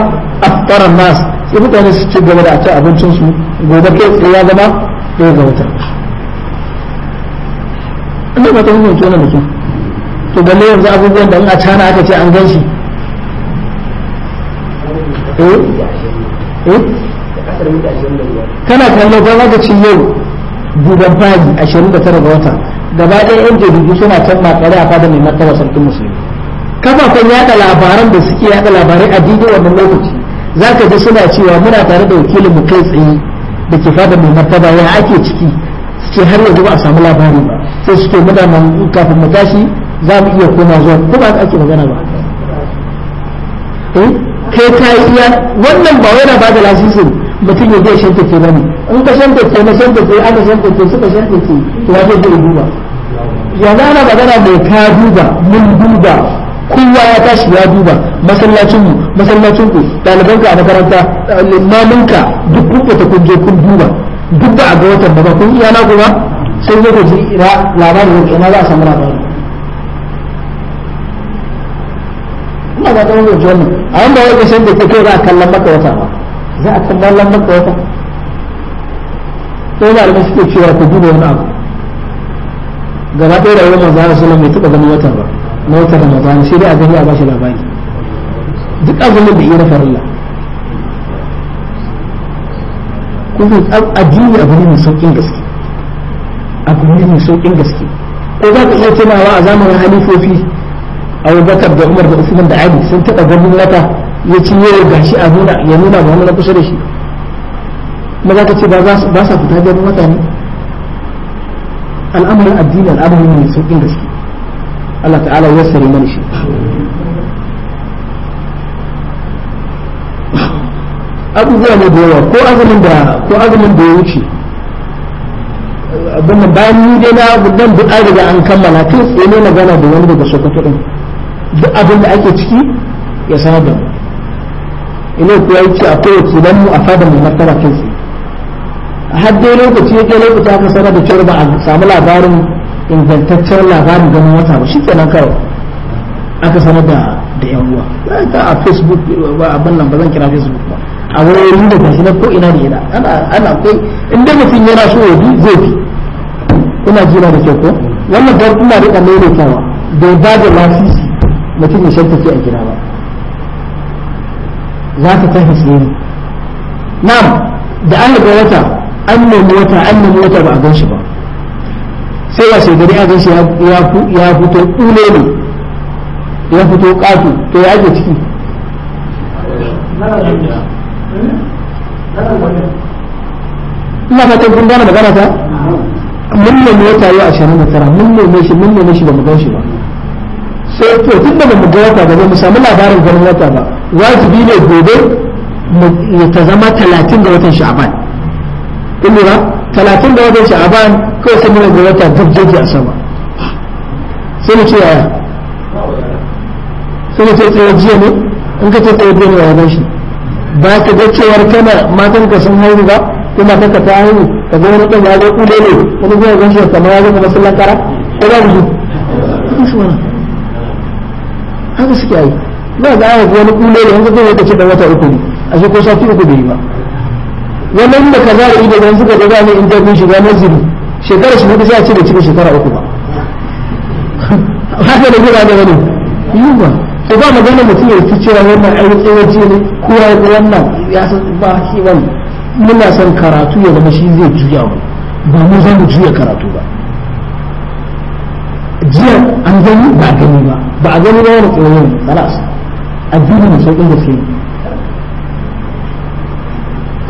afqara nas sai mutane su ci gaba da a ci abincin su gobe kai tsaye ya zama ɗaya ga wata ina ba ta hukunci tona mutum to balle yanzu abubuwan da in a cana aka ce an gan shi eh? Eh? kana kallon ba za ci yau gudan fari ashirin da tara ga wata gaba ɗaya yan jaridu suna can makare a fadar mai martaba sarkin musulmi kafafen yada labaran da suke yada labarai a daidai wannan lokaci za ka ji suna cewa muna tare da wakilin mu kai tsaye da ke fadar mai martaba ya ake ciki suke har yanzu ba a samu labari ba sai suke muna nan kafin mu tashi za mu iya koma zuwa ko ba ake magana ba eh, kai ka yi iya wannan ba wani ba da lasisin mutum ya shan tafiye ba ne in ka shan tafiye na shan tafiye aka shan tafiye suka shan tafiye to wajen je duba yanzu zama magana mai ka duba mun duba kowa ya tashi ya duba masallacinmu masallacinku ɗalibanka a makaranta limaminka duk kun fita kun je kun duba duk da a ga watan ba kun iya na kuma sai zai ji ina labarin ina za a samu labarin ina ba ta wani wannan a wanda ya kashe da ta kai za a kallon maka wata ba za a kallon maka wata sai da suke cewa ku duba wani abu gaba ɗaya rayuwar manzo Allah sallallahu alaihi taɓa ganin wata ba na wata Ramadan sai dai a gani a bashi labari duk azumin da iya na farilla kuma addini abu ne mai saukin gaske abu ne mai saukin gaske ko za ka iya tunawa a zamanin halifofi abubakar da umar da usman da ali sun taɓa ganin wata ya ci yau gashi a nuna ya nuna ba wani kusa da shi maza ka ce ba sa fita ganin wata ne al'amarin addini al'amari mai sauƙin gaske Allah ta'ala ya sare mana shi abubuwa ne da yawa ko azumin da ko azumin da ya wuce abin bayan ni dai na dan buƙa daga an kammala kai tsaye ne magana da wani daga sokoto din duk abin da ake ciki ya sanar da mu ina kuwa yake akwai wakilan mu a fadar mai martaba kai tsaye har dai lokaci yake lokaci aka sanar da cewar ba a samu labarin ingantaccen labarin ganin wata ba shi shikenan kawai aka sanar da da yan uwa ta a facebook ba abin nan ba zan kira facebook ba a wurin da gashi na ko ina da ina ana ana kai in mutum yana so yabi zai fi ina jira da kyau ko wannan da ina rika maimaitawa da ba da lasisi mutum ya shan ke a gida ba za ta tafi sirri Na da an da wata an nemi wata an nemi wata ba a gan shi ba sai ya shegari a gan shi ya fito ƙule ne ya fito ƙato to ya ake ciki ina fatan kun gane magana ta mun nemi wata yau ashirin da tara mun nemi shi mun nemi shi ba mu gan shi ba sai to tun da mu ga wata ba mu samu labarin ganin wata ba wajibi ne gobe ya ta zama talatin ga watan sha'aban kun lura talatin da wajen ban kawai sai muna wata dabdaji a sama sai mu ce yaya sai mu ce tsaye jiya ne in ka ce tsaye jiya ne ya shi ba ka ga cewar kana matan ka sun haihu ba ko matan ka ta haihu ka ga wani ɗan ya zo kule ne wani zai gan shi kamar ya zo kamar kara ko ba mu haka suke yi ba za a yi wani kule ne yanzu ka ce wata uku ne a ko sati uku bai yi ba wannan da kaza da ido don suka ga ne in ta shiga masjidi shekara shi hudu sai a ce da cikin shekara uku ba haka da gura da wani yi ba to ba magana mutum ya fi cewa wannan ai tsawace ne ko ya ga wannan ya san ba shi wani muna son karatu ya zama shi zai juya mu ba mu zan juya karatu ba jiya an gani ba gani ba ba a gani ba wani tsawaye ne kalas addini ne sauƙin gaske ne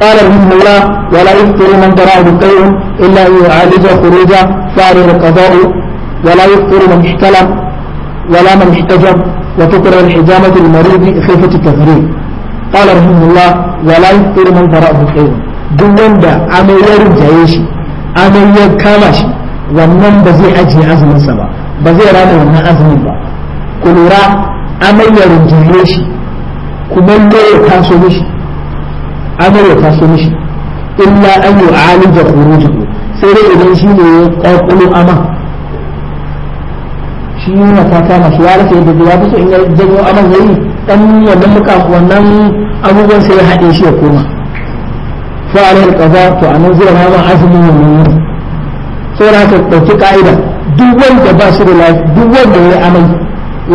قال ابن الله ولا يفطر من جراه شيء إلا أن يعالج خروجه فعليه القضاء ولا يفطر من احتلم ولا من احتجب وتكره الحجامة للمريض خيفة التغريب قال رحمه الله ولا يفطر من جراه شيء دون دا أمي يرجعيش أمي يكامش wannan ba zai ajiye azuminsa ba ba zai rana wannan azumin ba ku lura amai ya rinjaye shi kuma ya taso mishi amarya ta so mishi illa an yi alija khurujuhu sai dai idan shi ne ya kwakwalo aman shi yana ta kama shi ya rasa yadda zuwa fi so in ya janyo aman yayi dan wannan muka wannan abubuwan sai ya haɗe shi ya koma fa alal qaza to anan zai rama azumin wannan saboda haka ɗauki ka'ida duk wanda ba su da lafiya duk wanda ya yi amai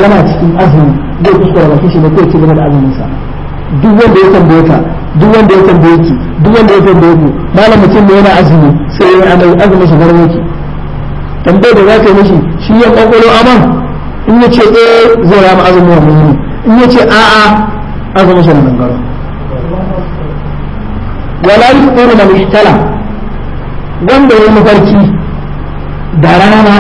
yana cikin azumi zai kuskura bakin shi ne kai ci gaba da azumin sa duk wanda ya tambaye ka duk wanda ya tambaye ki duk wanda ya tambaye ku malam mutum ne yana azumi sai ya ana azumi shi garo ki tambaye da za yi mishi shi ya kokolo aman in ya ce eh zai rama azumi wa ne in ya ce a'a azumi shi nan garo wala yuqiru man ihtala wanda ya mafarki da rana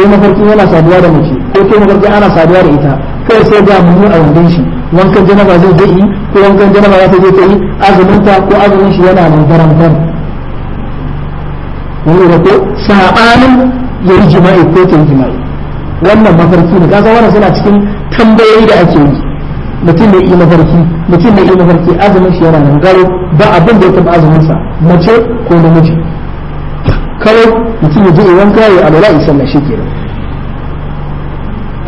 ya mafarki yana saduwa da mace ko ke mafarki ana saduwa da ita kai sai ga mu a wurin shi wankan janaba zai zai ko wankan janaba za ta je ta yi azumin ta ko azumin shi yana nan garan kan wani da ko sabanin yayi jima'i ko ta jima'i wannan mafarki ne kaga wannan suna cikin tambayoyi da ake yi mutum mai yi mafarki mutum mai yi mafarki azumin shi yana nan garo ba abin da ya taba azumin sa mace ko namiji kawai mutum ya je ya wanka ya alola ya sallah shi kenan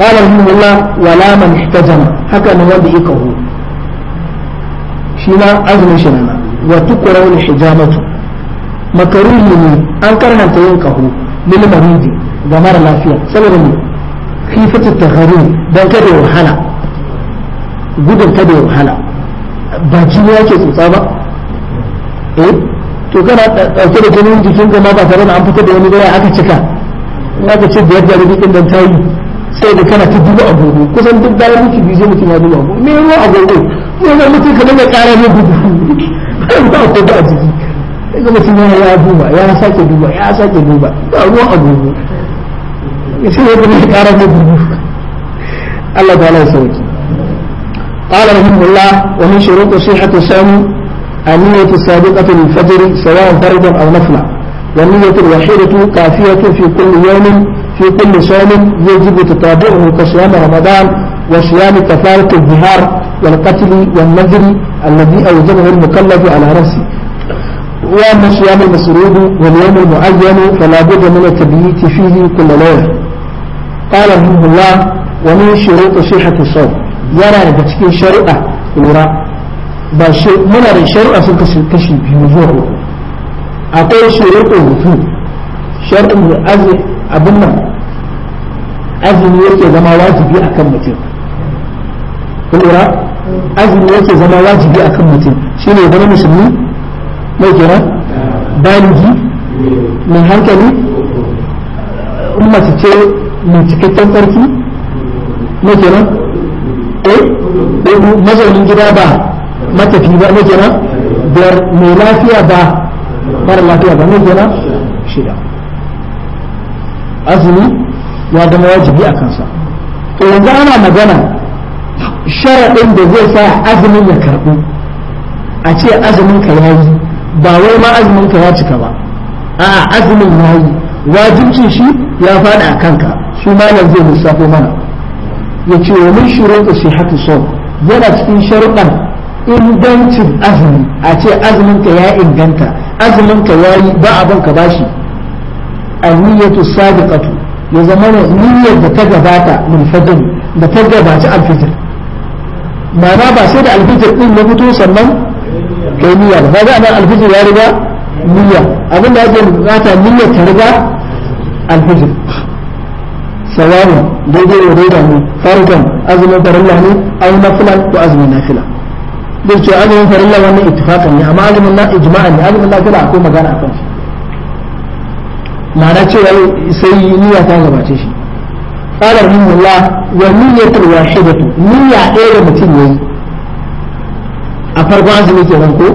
قال رحمه الله ولا من احتجم هكذا من وضع إيكه shi ma azumin shi na wa tukurau hijamatu makaruhi ne an karanta yin kaho lil maridi ga mara lafiya saboda ne khifatu taharun dan kada wahala gudun kada wahala ba jini yake tsotsa ba eh to kana dauke da jinin jikin ka ma ba tare da an fitar da wani gaya aka cika in aka ce biyar da din dan tayi sai da kana ta duba agogo kusan duk bayan miki ya duba agogo me ruwa agogo yana mutum kamar ya ne gudu ba jiki mutum ya duba ya sake duba ya sake duba ba ruwan agogo ya ce ya ya ne gudu Allah ta sauki قال رحمه الله ومن شروط صحة الصوم النية السابقة للفجر سواء فردا أو نفلا والنية الوحيدة كافية في كل يوم في كل صوم يجب تتابعه كصيام رمضان وصيام كفارة الظهار والقتل والنذر الذي أوجبه المكلف على نفسه وأما صيام المسروق واليوم المعين فلا بد من التبييت فيه كل ليلة قال رحمه الله ومن شروط صحة الصوم يرى بتكين شريعة الوراء باشر من الشريعة سنكشف كشف بنزوره أقول شروط الوضوء شرط الأزل أبنا أزل يكي زما واجبي أكمل الوراء azumi yake zama wajibi akan mutum shine zama musulmi mai kira baligi mai hankali ummata ce mai cikakken tsarki mai kira eh? eh mazaunin gida ba matafi ba mai kira biyar mai lafiya ba mara lafiya ba mai kira shida azumi ya zama wajibi a kansa to yanzu ana magana sharaɗin da zai sa azumin ya karɓi a ce azumin ka ya yi ba wai ma azumin ka ya cika ba a azumin ya yi wajibcin shi ya faɗi a kanka su malam zai lissafo mana ya ce wa min shuruɗu sihhatu sawm yana cikin sharuɗan ingancin azumi a ce azumin ka ya inganta azumin ka ya yi ba abin ka bashi aniyatu sadiqatu ya zama niyyar da ta gabata min fadl da ta gabaci alfijir ma'ana ba sai da alfijir din na mutu sannan kai niyya ba ga nan alfijir ya riga niyya abin da ake bukata niyya ta riga alfijir sawamu daidai da daidai ne farkan azumin farilla ne ai nafila ko azumin nafila duk ce azumin farilla wannan ittifaqan ne amma azumin na ijma'an ne azumin nafila akwai magana akan shi ma'ana cewa sai niyya ta gabace shi قال رحمه الله ونية الواحدة نية إيه متين يي أفرق عزمي كيرانكو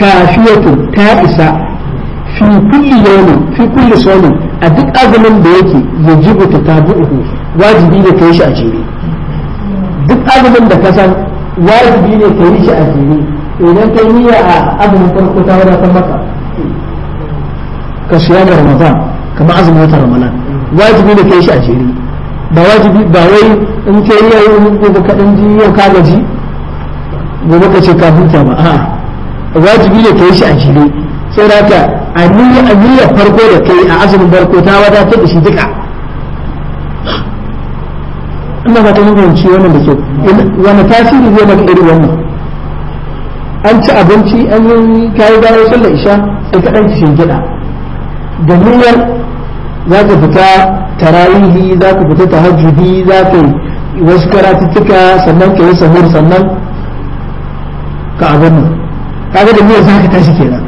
كافية تائسة في كل يوم في كل صوم أدك أزمن بيكي يجب تتابعه واجبي لكيش أجيبي duk azumin da ka san wajibi ne ka yi shi a jere idan ka yi niyya a azumin farko ta wadatar maka ka siya da ramadan kamar azumin wata ramadan wajibi ne ka yi shi a jere ba wajibi ba wai in ke yi yau gobe kaɗan ji yau ka gaji gobe ka ce ka huta ba A wajibi ne ka yi shi a jire sai da ka aniyya farko da kai a azumin farko ta wata da shi duka ina ba ta wanci wannan da ke wani tasiri zai maka irin wannan an ci abinci an yi kayi bayan sallar isha sai kaɗan shi gida da niyyar za ka fita tarawihi za ka fita tahajjudi za ka wasu karatuttuka sannan ka yi sahur sannan ka abin nan kaga da miyar zaka tashi kenan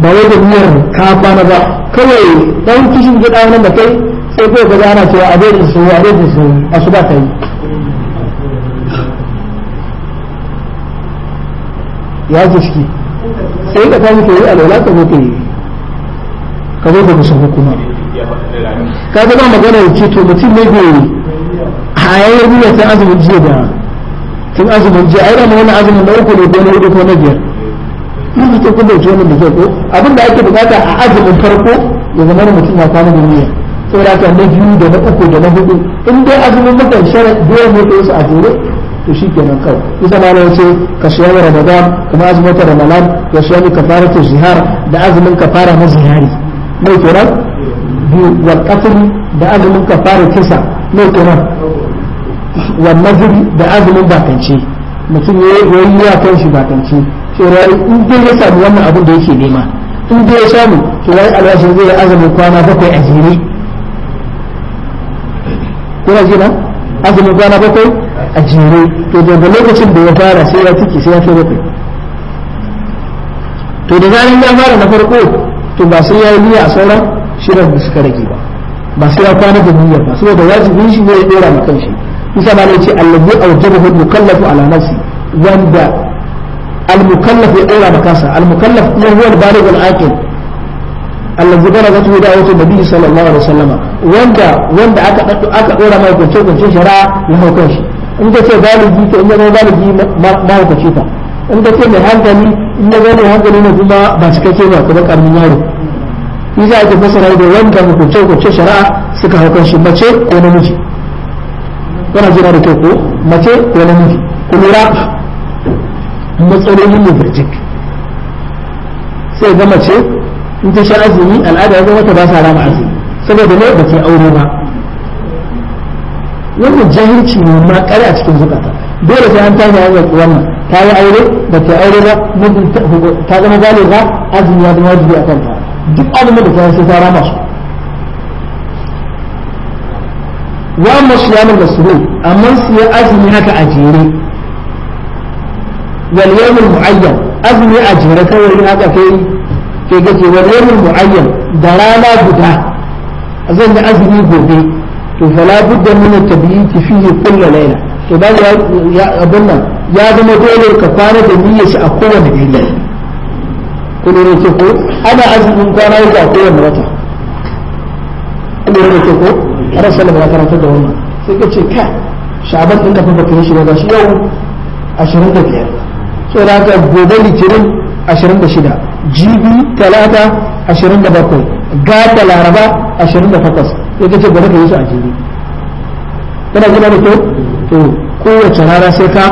ba wai da niyyar ka kwana ba kawai dan kishin gida wannan da kai sai ko ga ana cewa a da su a da su asuba ta yi ya ji ciki sai ka tashi ka yi alwala ka zo ka yi ka zo ka musu hukuma ka ba magana ya ce to mutum ne gobe a yayin ruwa azumin jiya da tun azumin jiya ai da wannan azumin na uku ne ko na hudu ko na biyar yin mutum kun dauki wannan da ko abin da ake bukata a azumin farko ya zama na mutum ya kwana da niyya saboda haka na biyu da na uku da na hudu in dai azumin mutum shara dole ne ko su a jere to shi kenan kawai isa ma yace ka shiyami ramadan kuma azumin ramadan ka shiyami ta zihar da azumin kafara na zihari mai kenan biyu wal da azumin kafara kisa ne wannan wal da azumin bakance mutum ya yi ya kan shi bakance sai in dai ya samu wannan abin da yake nema in dai ya samu to yayi alwashin zai azumin kwana bakwai a jere kuna ji ba azumin kwana bakwai a jere to daga lokacin da ya fara sai ya ciki sai ya kai bakwai to da zaran ya fara na farko to ba sai ya yi niyya a sauran shirin da suka rage ba ba sai ya kwana da niyyar ba saboda wajibin shi ne ya dora ma kanshi isa ma ne ce allazi awjabahu al-mukallafu ala nafsi wanda al-mukallaf ya dora ma kansa al-mukallaf al-baligh al-aqil allazi balagatu da'watu nabi sallallahu alaihi wasallam wanda wanda aka aka dora mai gunce gunce shari'a ya hau kanshi in ka ce baligi to in zama baligi ma hukace ka in ka ce mai hankali in ya zama hankali ne kuma ba cikakke ba kuma karamin yaro ni za ake fasara da wanda hukunce hukunce shari'a suka haukan shi mace ko namiji Kana jira da kyau ko mace ko namiji ko lura matsalolin ne birjik sai ga mace in ta sha azumi al'ada ya zama ta ba sa rama azumi saboda ne ba ta aure ba wannan jahilci ne ma kare a cikin zukata dole sai an ta ga yanzu wannan ta yi aure ba ta aure ba ta zama galiba azumi ya zama wajibi a kanta duk azumin da sai ta rama su wa amma siyamun da suru amma siya azumi haka a jere wal yawmul mu'ayyan azumi a jere kawai haka kai ke gaje wal yawmul mu'ayyan da rana guda zan yi azumi gobe to fa la budda min at-tabiyyit fihi kullu layla to ba ya abunna ya zama dole ka kwana da niyyar shi a kowane dare kuma ne ana azumin kwana uku a kowane wata kuma ne ce ko ana sallama ya karanta da wannan sai ka ce ka shaban ɗin kafin baka yi shi ba shi yau ashirin da biyar so da haka gobe litinin ashirin da shida jibi talata ashirin da bakwai gata laraba ashirin da takwas sai ka ce gobe ka yi su a jibi kana gina da kyau to kowace rana sai ka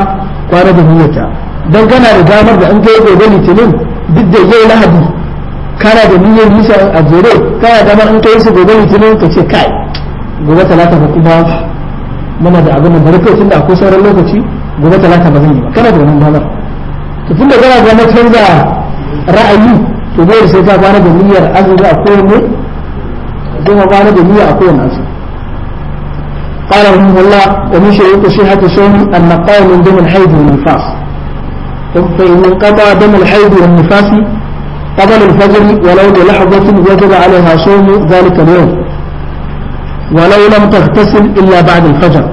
kwana da niyyata don kana da damar da an kai gobe litinin duk da yau lahadi kana da niyyar nisa a jere kana dama in kai su gobe litinin ka ce kai gobe talata ba kuma muna da abin da bari kai tunda akwai sauran lokaci gobe talata ba zan yi ba kana da wannan damar to tunda kana da damar canza ra'ayi to dole sai ka kwana da niyyar azumi a kowanne kuma kwana da niyya a kowanne azumi قال رحمه الله ومن شروط صحة الصوم النقاء من دم الحيض والنفاس فإن انقطع دم الحيض والنفاس قبل الفجر ولو بلحظة وجب عليها صوم ذلك اليوم ولو لم تغتسل إلا بعد الفجر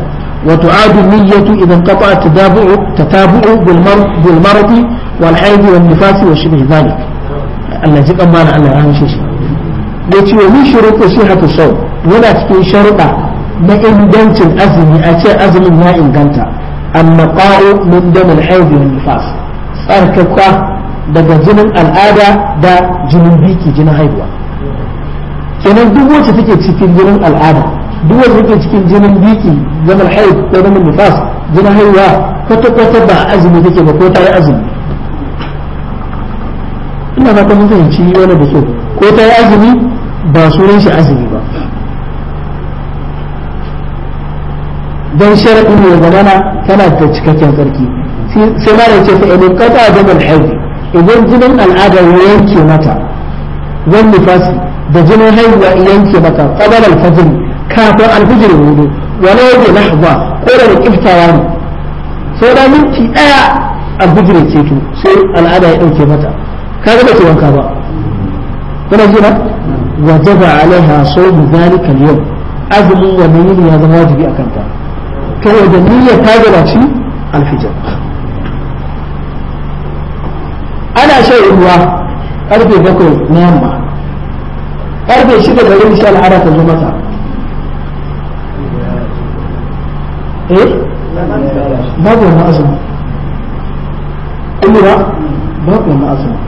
وتعاد النية إذا انقطع تتابع تتابع بالمرض, بالمرض والحيض والنفاس وشبه ذلك الله كان معنا على هذا الشيء يتي ومن شروط صحة الصوم ولا تكون شرطة ما إنجنت الأزم أتي أزم ما إنجنت النقاء من دم الحيض والنفاس tsarkaka daga jinin al'ada da jinin biki jinin haihuwa kenan duk wacce take cikin jinin al'ada duk wacce take cikin jinin biki zaman haid ko zaman nifas jinin haihuwa kwata kwata ba azumi take ba ko ta yi azumi ina ba ta mun fahimci wani da so ko ta yi azumi ba sunan shi azumi ba don sharaɗin ya zamana tana da cikakken tsarki sai mara ce fa idan qata damal hayd idan jinin al'ada ya yanke mata wan nifasi da jinin haihuwa ya yanke mata qabala al-fajr kafin al-fajr wudu wala yadi lahza ko da kiftawa ne sai da minti daya al-fajr ce to sai al'ada ya dauke mata kaga ba ta wanka ba kuna ji ba wajaba alaiha sawmu dhalika al-yawm azumin wannan yini ya zama wajibi akan ta kai da niyyar ta gabaci alfijar ana shan ruwa karfe bakwai na yamma karfe shida da yin shan ta zo mata eh babu wani azumi kuma babu wani azumi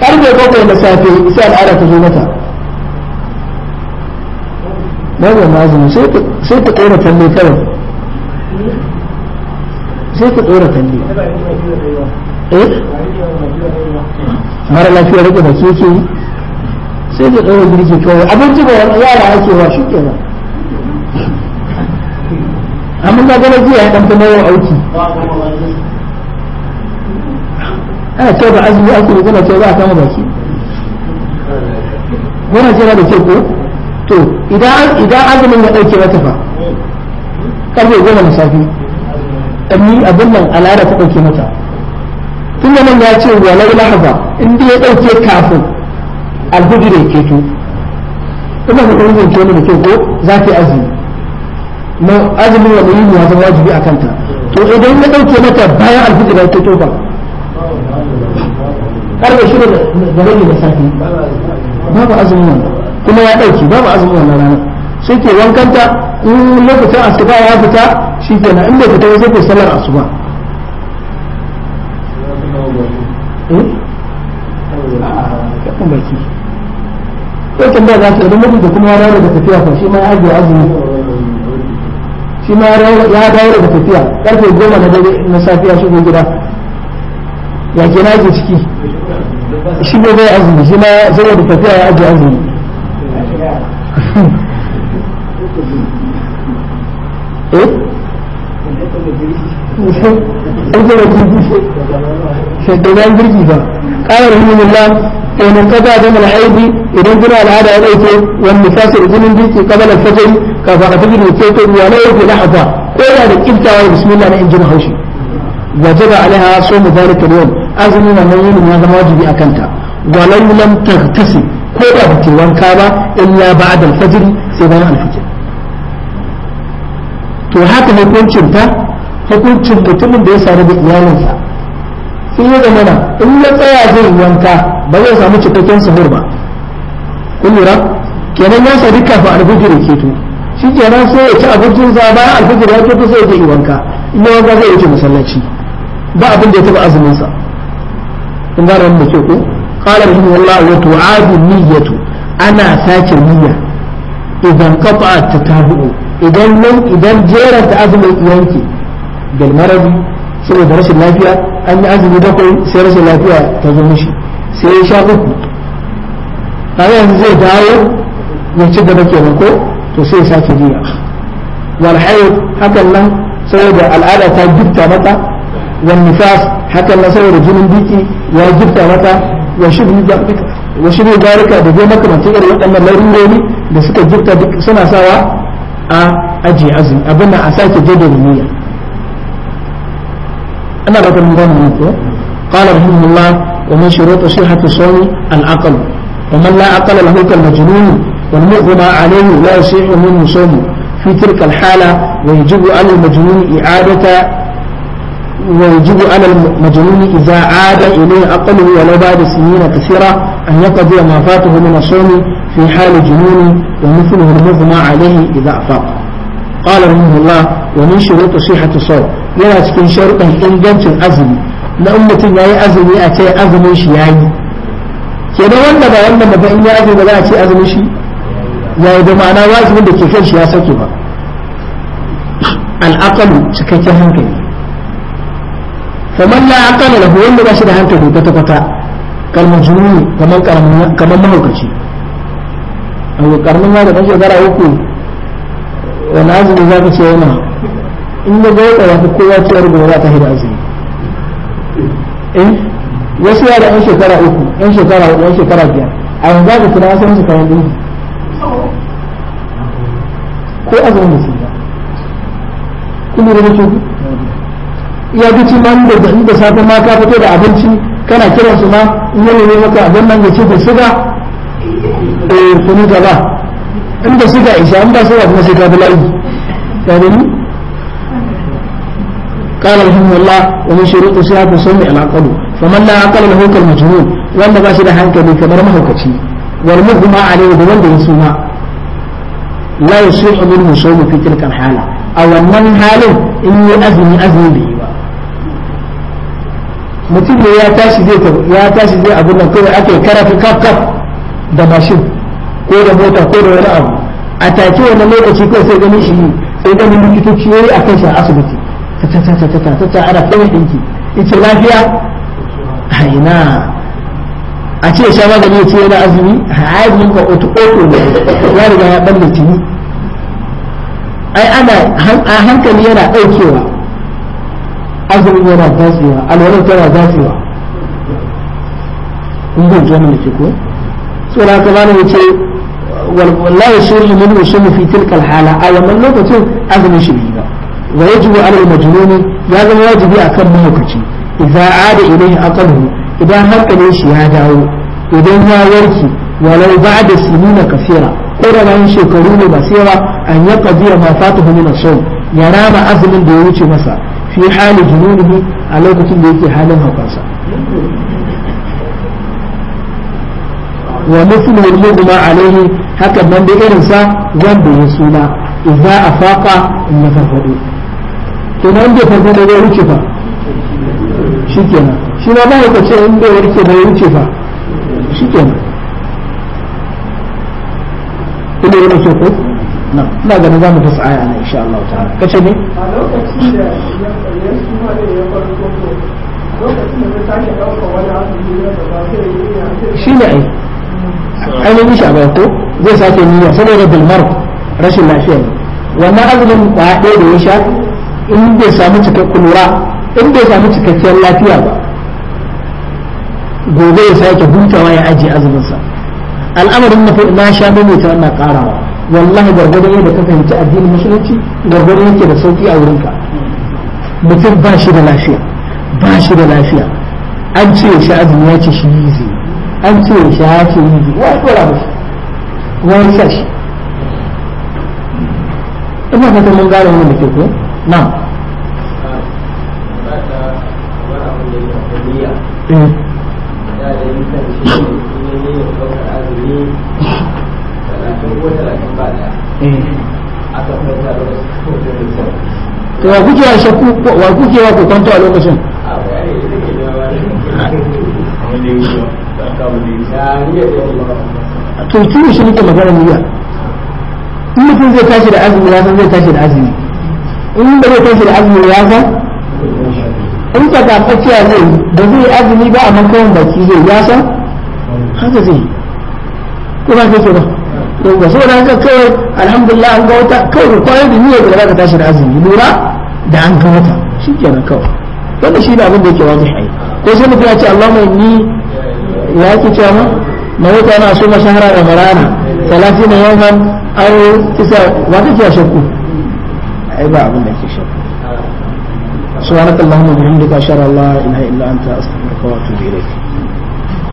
karfe bakwai na safe sai al'ada ta zo mata babu wani azumi sai ta ƙora talle kawai sai ta ɗora talle Eh? mara lafiya rage da ke ke sai da ɗaura girki kawai abinci da yara ake wa shi ke nan amma ga gana jiya ya ɗan kuma yau auki ana ce ba azumi ake da gana ce za a kama baki wannan ce da ce ko to idan azumin ya ɗauke mata fa karfe goma na safe ɗanni abin nan al'ada ta ɗauke mata tunda nan ya ce walau lahza in dai ya dauke kafin alhudu da ke to ina ga kun zance ne da kyau ko za ta azumi na azumin wa mai ya zama wajibi a kanta to idan ya dauke mata bayan alhudu da ke to ba karbe shi da rage da safi babu azumin wannan kuma ya dauke babu azumin wannan ranar sai ke wankanta in lokacin asuba ya fita shi kenan in bai fita zai fi sallar asuba kafin baki ko idan mutum da kuma ya dawo tafiya fa shi ma ya ajiye azumi shi ma ya dawo tafiya karfe na dare na safiya gida ya ciki shi ne bai azumi shi ma tafiya ya ajiye azumi eh? shaddanan girki ba kayan rahimullah wa na qada dam al haidi idan jira al'ada ya wani wan nifasu jinin girki kabalar al fajr ka fa ta bi ta ruwa la yake lahza ko da da kibtawa bismillah na injin haushi wajaba alaiha sawmu dhalika al-yawm azumi na nan yin ya zama wajibi kanta walau lam taghtasi ko da ba wanka ba illa ba al fajr sai bayan al fajr to haka hukuncin ta hukuncin mutumin da ya sare da iyalinsa Sun ya zamana in ya tsaya zai wanka ba zai samu cikakken sahur ba kun lura kenan ya sadi kafin alfijir ya keto shi kenan sai ya ci abincin sa ba alfijir ya keto sai ya wanka in ya wanka zai wuce masallaci ba abin da ya taba azumin sa kun gane wannan ke ko qala rahimahullah wa tu'adu niyyatu ana sace niyya idan qata'a tatabu'u idan idan jeranta azumin yanki bil maradi saboda rashin lafiya an yi azumi bakwai sai rasa lafiya ta zo mishi sai ya sha uku a yanzu zai dawo ya ci gaba kenan ko to sai ya sake biya wal hakan nan saboda al'ada ta gifta mata wal nifas hakan nan saboda jinin biki ya gifta mata wa shibni wa shibni barika da dai makamantan irin waɗannan larurori da suka gifta suna sawa a ajiye azumi abin nan a sake jaddada niyya أنا بعد المدان قال رحمه الله ومن شروط صحة الصوم العقل ومن لا عقل له كالمجنون والمغمى عليه لا يصيح منه صومه في تلك الحالة ويجب على المجنون إعادة ويجب على المجنون إذا عاد إليه عقله ولو بعد سنين كثيرة أن يقضي ما فاته من الصوم في حال جنونه ومثله المغمى عليه إذا أفاق qala rahimahullah wa min shurutu sihhati sawm yana cikin sharuɗan ingancin azumi na ummatin yi azumi a ce azumin shi yayi kenan wanda ba wanda ba in ya azumi ba za a ci azumin shi yayi da ma'ana wajibin da ke kan shi ya sake ba al'aqalu cikakken hankali faman la aqala lahu wanda ba shi da hankali kwata kwata kalmar kamar mahaukaci a karnin ma da ɗan shekara uku wani azumi za ka ce yana in da zai tsara ku kowa ciyar gobe za ta hira azumi eh wasu yara yan shekara uku yan shekara uku yan shekara biyar a yanzu za ka kira wasu yan shekara biyu ko azumi da su ba kuma da mutum ga ci man da da safe ma ka fito da abinci kana kiransu ma in yau ne maka abin nan da ce da shiga eh kuma gaba inda suka isa an ba su kuma sai ka bala'i ya gani قال رحمه الله ومن شروط صحة الصوم العقل فمن لا عقل له كالمجنون ولا باش ده هنكلي كبر ما هو كشي والمغمى عليه ده ولا يسمع لا يصيح منه صوم في تلك الحالة أو من حاله إني أزمي أزمي به mutum ne ya tashi zai ya tashi zai abin nan kawai ake karafi kaf kaf da mashin ko da mota ko da wani abu a take wannan lokaci kawai sai ganin shi sai ganin likitoci yayi a kai shi a asibiti ta ta ta ta ta ta ana kai dinki ita lafiya haina a ce sha magani ya ce yana azumi azumin ka oto oto ne ya riga ya balle tuni ai ana a hankali yana daukewa azumin yana datsewa alwalar tana datsewa kun zan ji ne da ke ko tsoron haka malam ya ce ولا يصير من يصوم في تلك الحالة أو أيوة، من هذا أزم شبيبا ويجب على المجنون هذا واجب أكم موكتي إذا عاد إليه أقله إذا هرق ليش هذا إذا ما وركي ولو بعد سنين كثيرة قرر لا يشكرون بصيرة أن يقضي ما فاته من الصوم ينام أزم دويتي مسا في حال جنونه على لوكة ديوتي حالها قاسا wa mithluhu yudma alayhi haka ban da irin sa wanda ya suna idza afaqa in ya farfado to nan da farfado ya wuce fa shikenan shi ma ba ka ce inda ya wuce da ya wuce fa shikenan kuma yana so ko na ganin za mu fasa aya na insha Allah ta'ala kace ne a lokacin da ya suna da ya farko shi ne ai ainihin a ko zai sake niyya saboda bilmar rashin lafiya ne wannan azumin ba ɗaya da ya sha in bai samu cikakken lura in bai samu cikakken lafiya ba gobe ya sake hutawa ya ajiye azuminsa al'amarin na sha mai ta wannan karawa wallahi gargadon yadda ka fahimci addinin musulunci gargadon yake da sauki a wurinka mutum ba shi da lafiya ba shi da lafiya an ce shi azumi ya ce shi yi zai an ce shi hake yi wa ya mashi wa ya ina fata mun gane wannan da ke ko na eh. eh. wa kuke wa shakku wa kuke wa kwanta a lokacin to tun shi nake magana niyya in mutum zai tashi da azumi ya san zai tashi da azumi in ba zai tashi da azumi ya san in ka ta tsakiya zai da zai azumi ba amma kawai baki zai ya san haka zai ko ba kake ba yau ba saboda haka kawai alhamdulillah an ga wata kawai kwayar da niyyar da za ka tashi da azumi lura da an ga wata shi kenan kawai wannan shi ne abin da yake wajen ko sai mutum ya ce Allahumma inni ya ki cewa ma mawuta na su mashahara da marana talatin na yawan aro tisa wata ke shakku ai ba abin da ke shakku سبحانك اللهم وبحمدك أشهد أن لا إله إلا أنت أستغفرك وأتوب إليك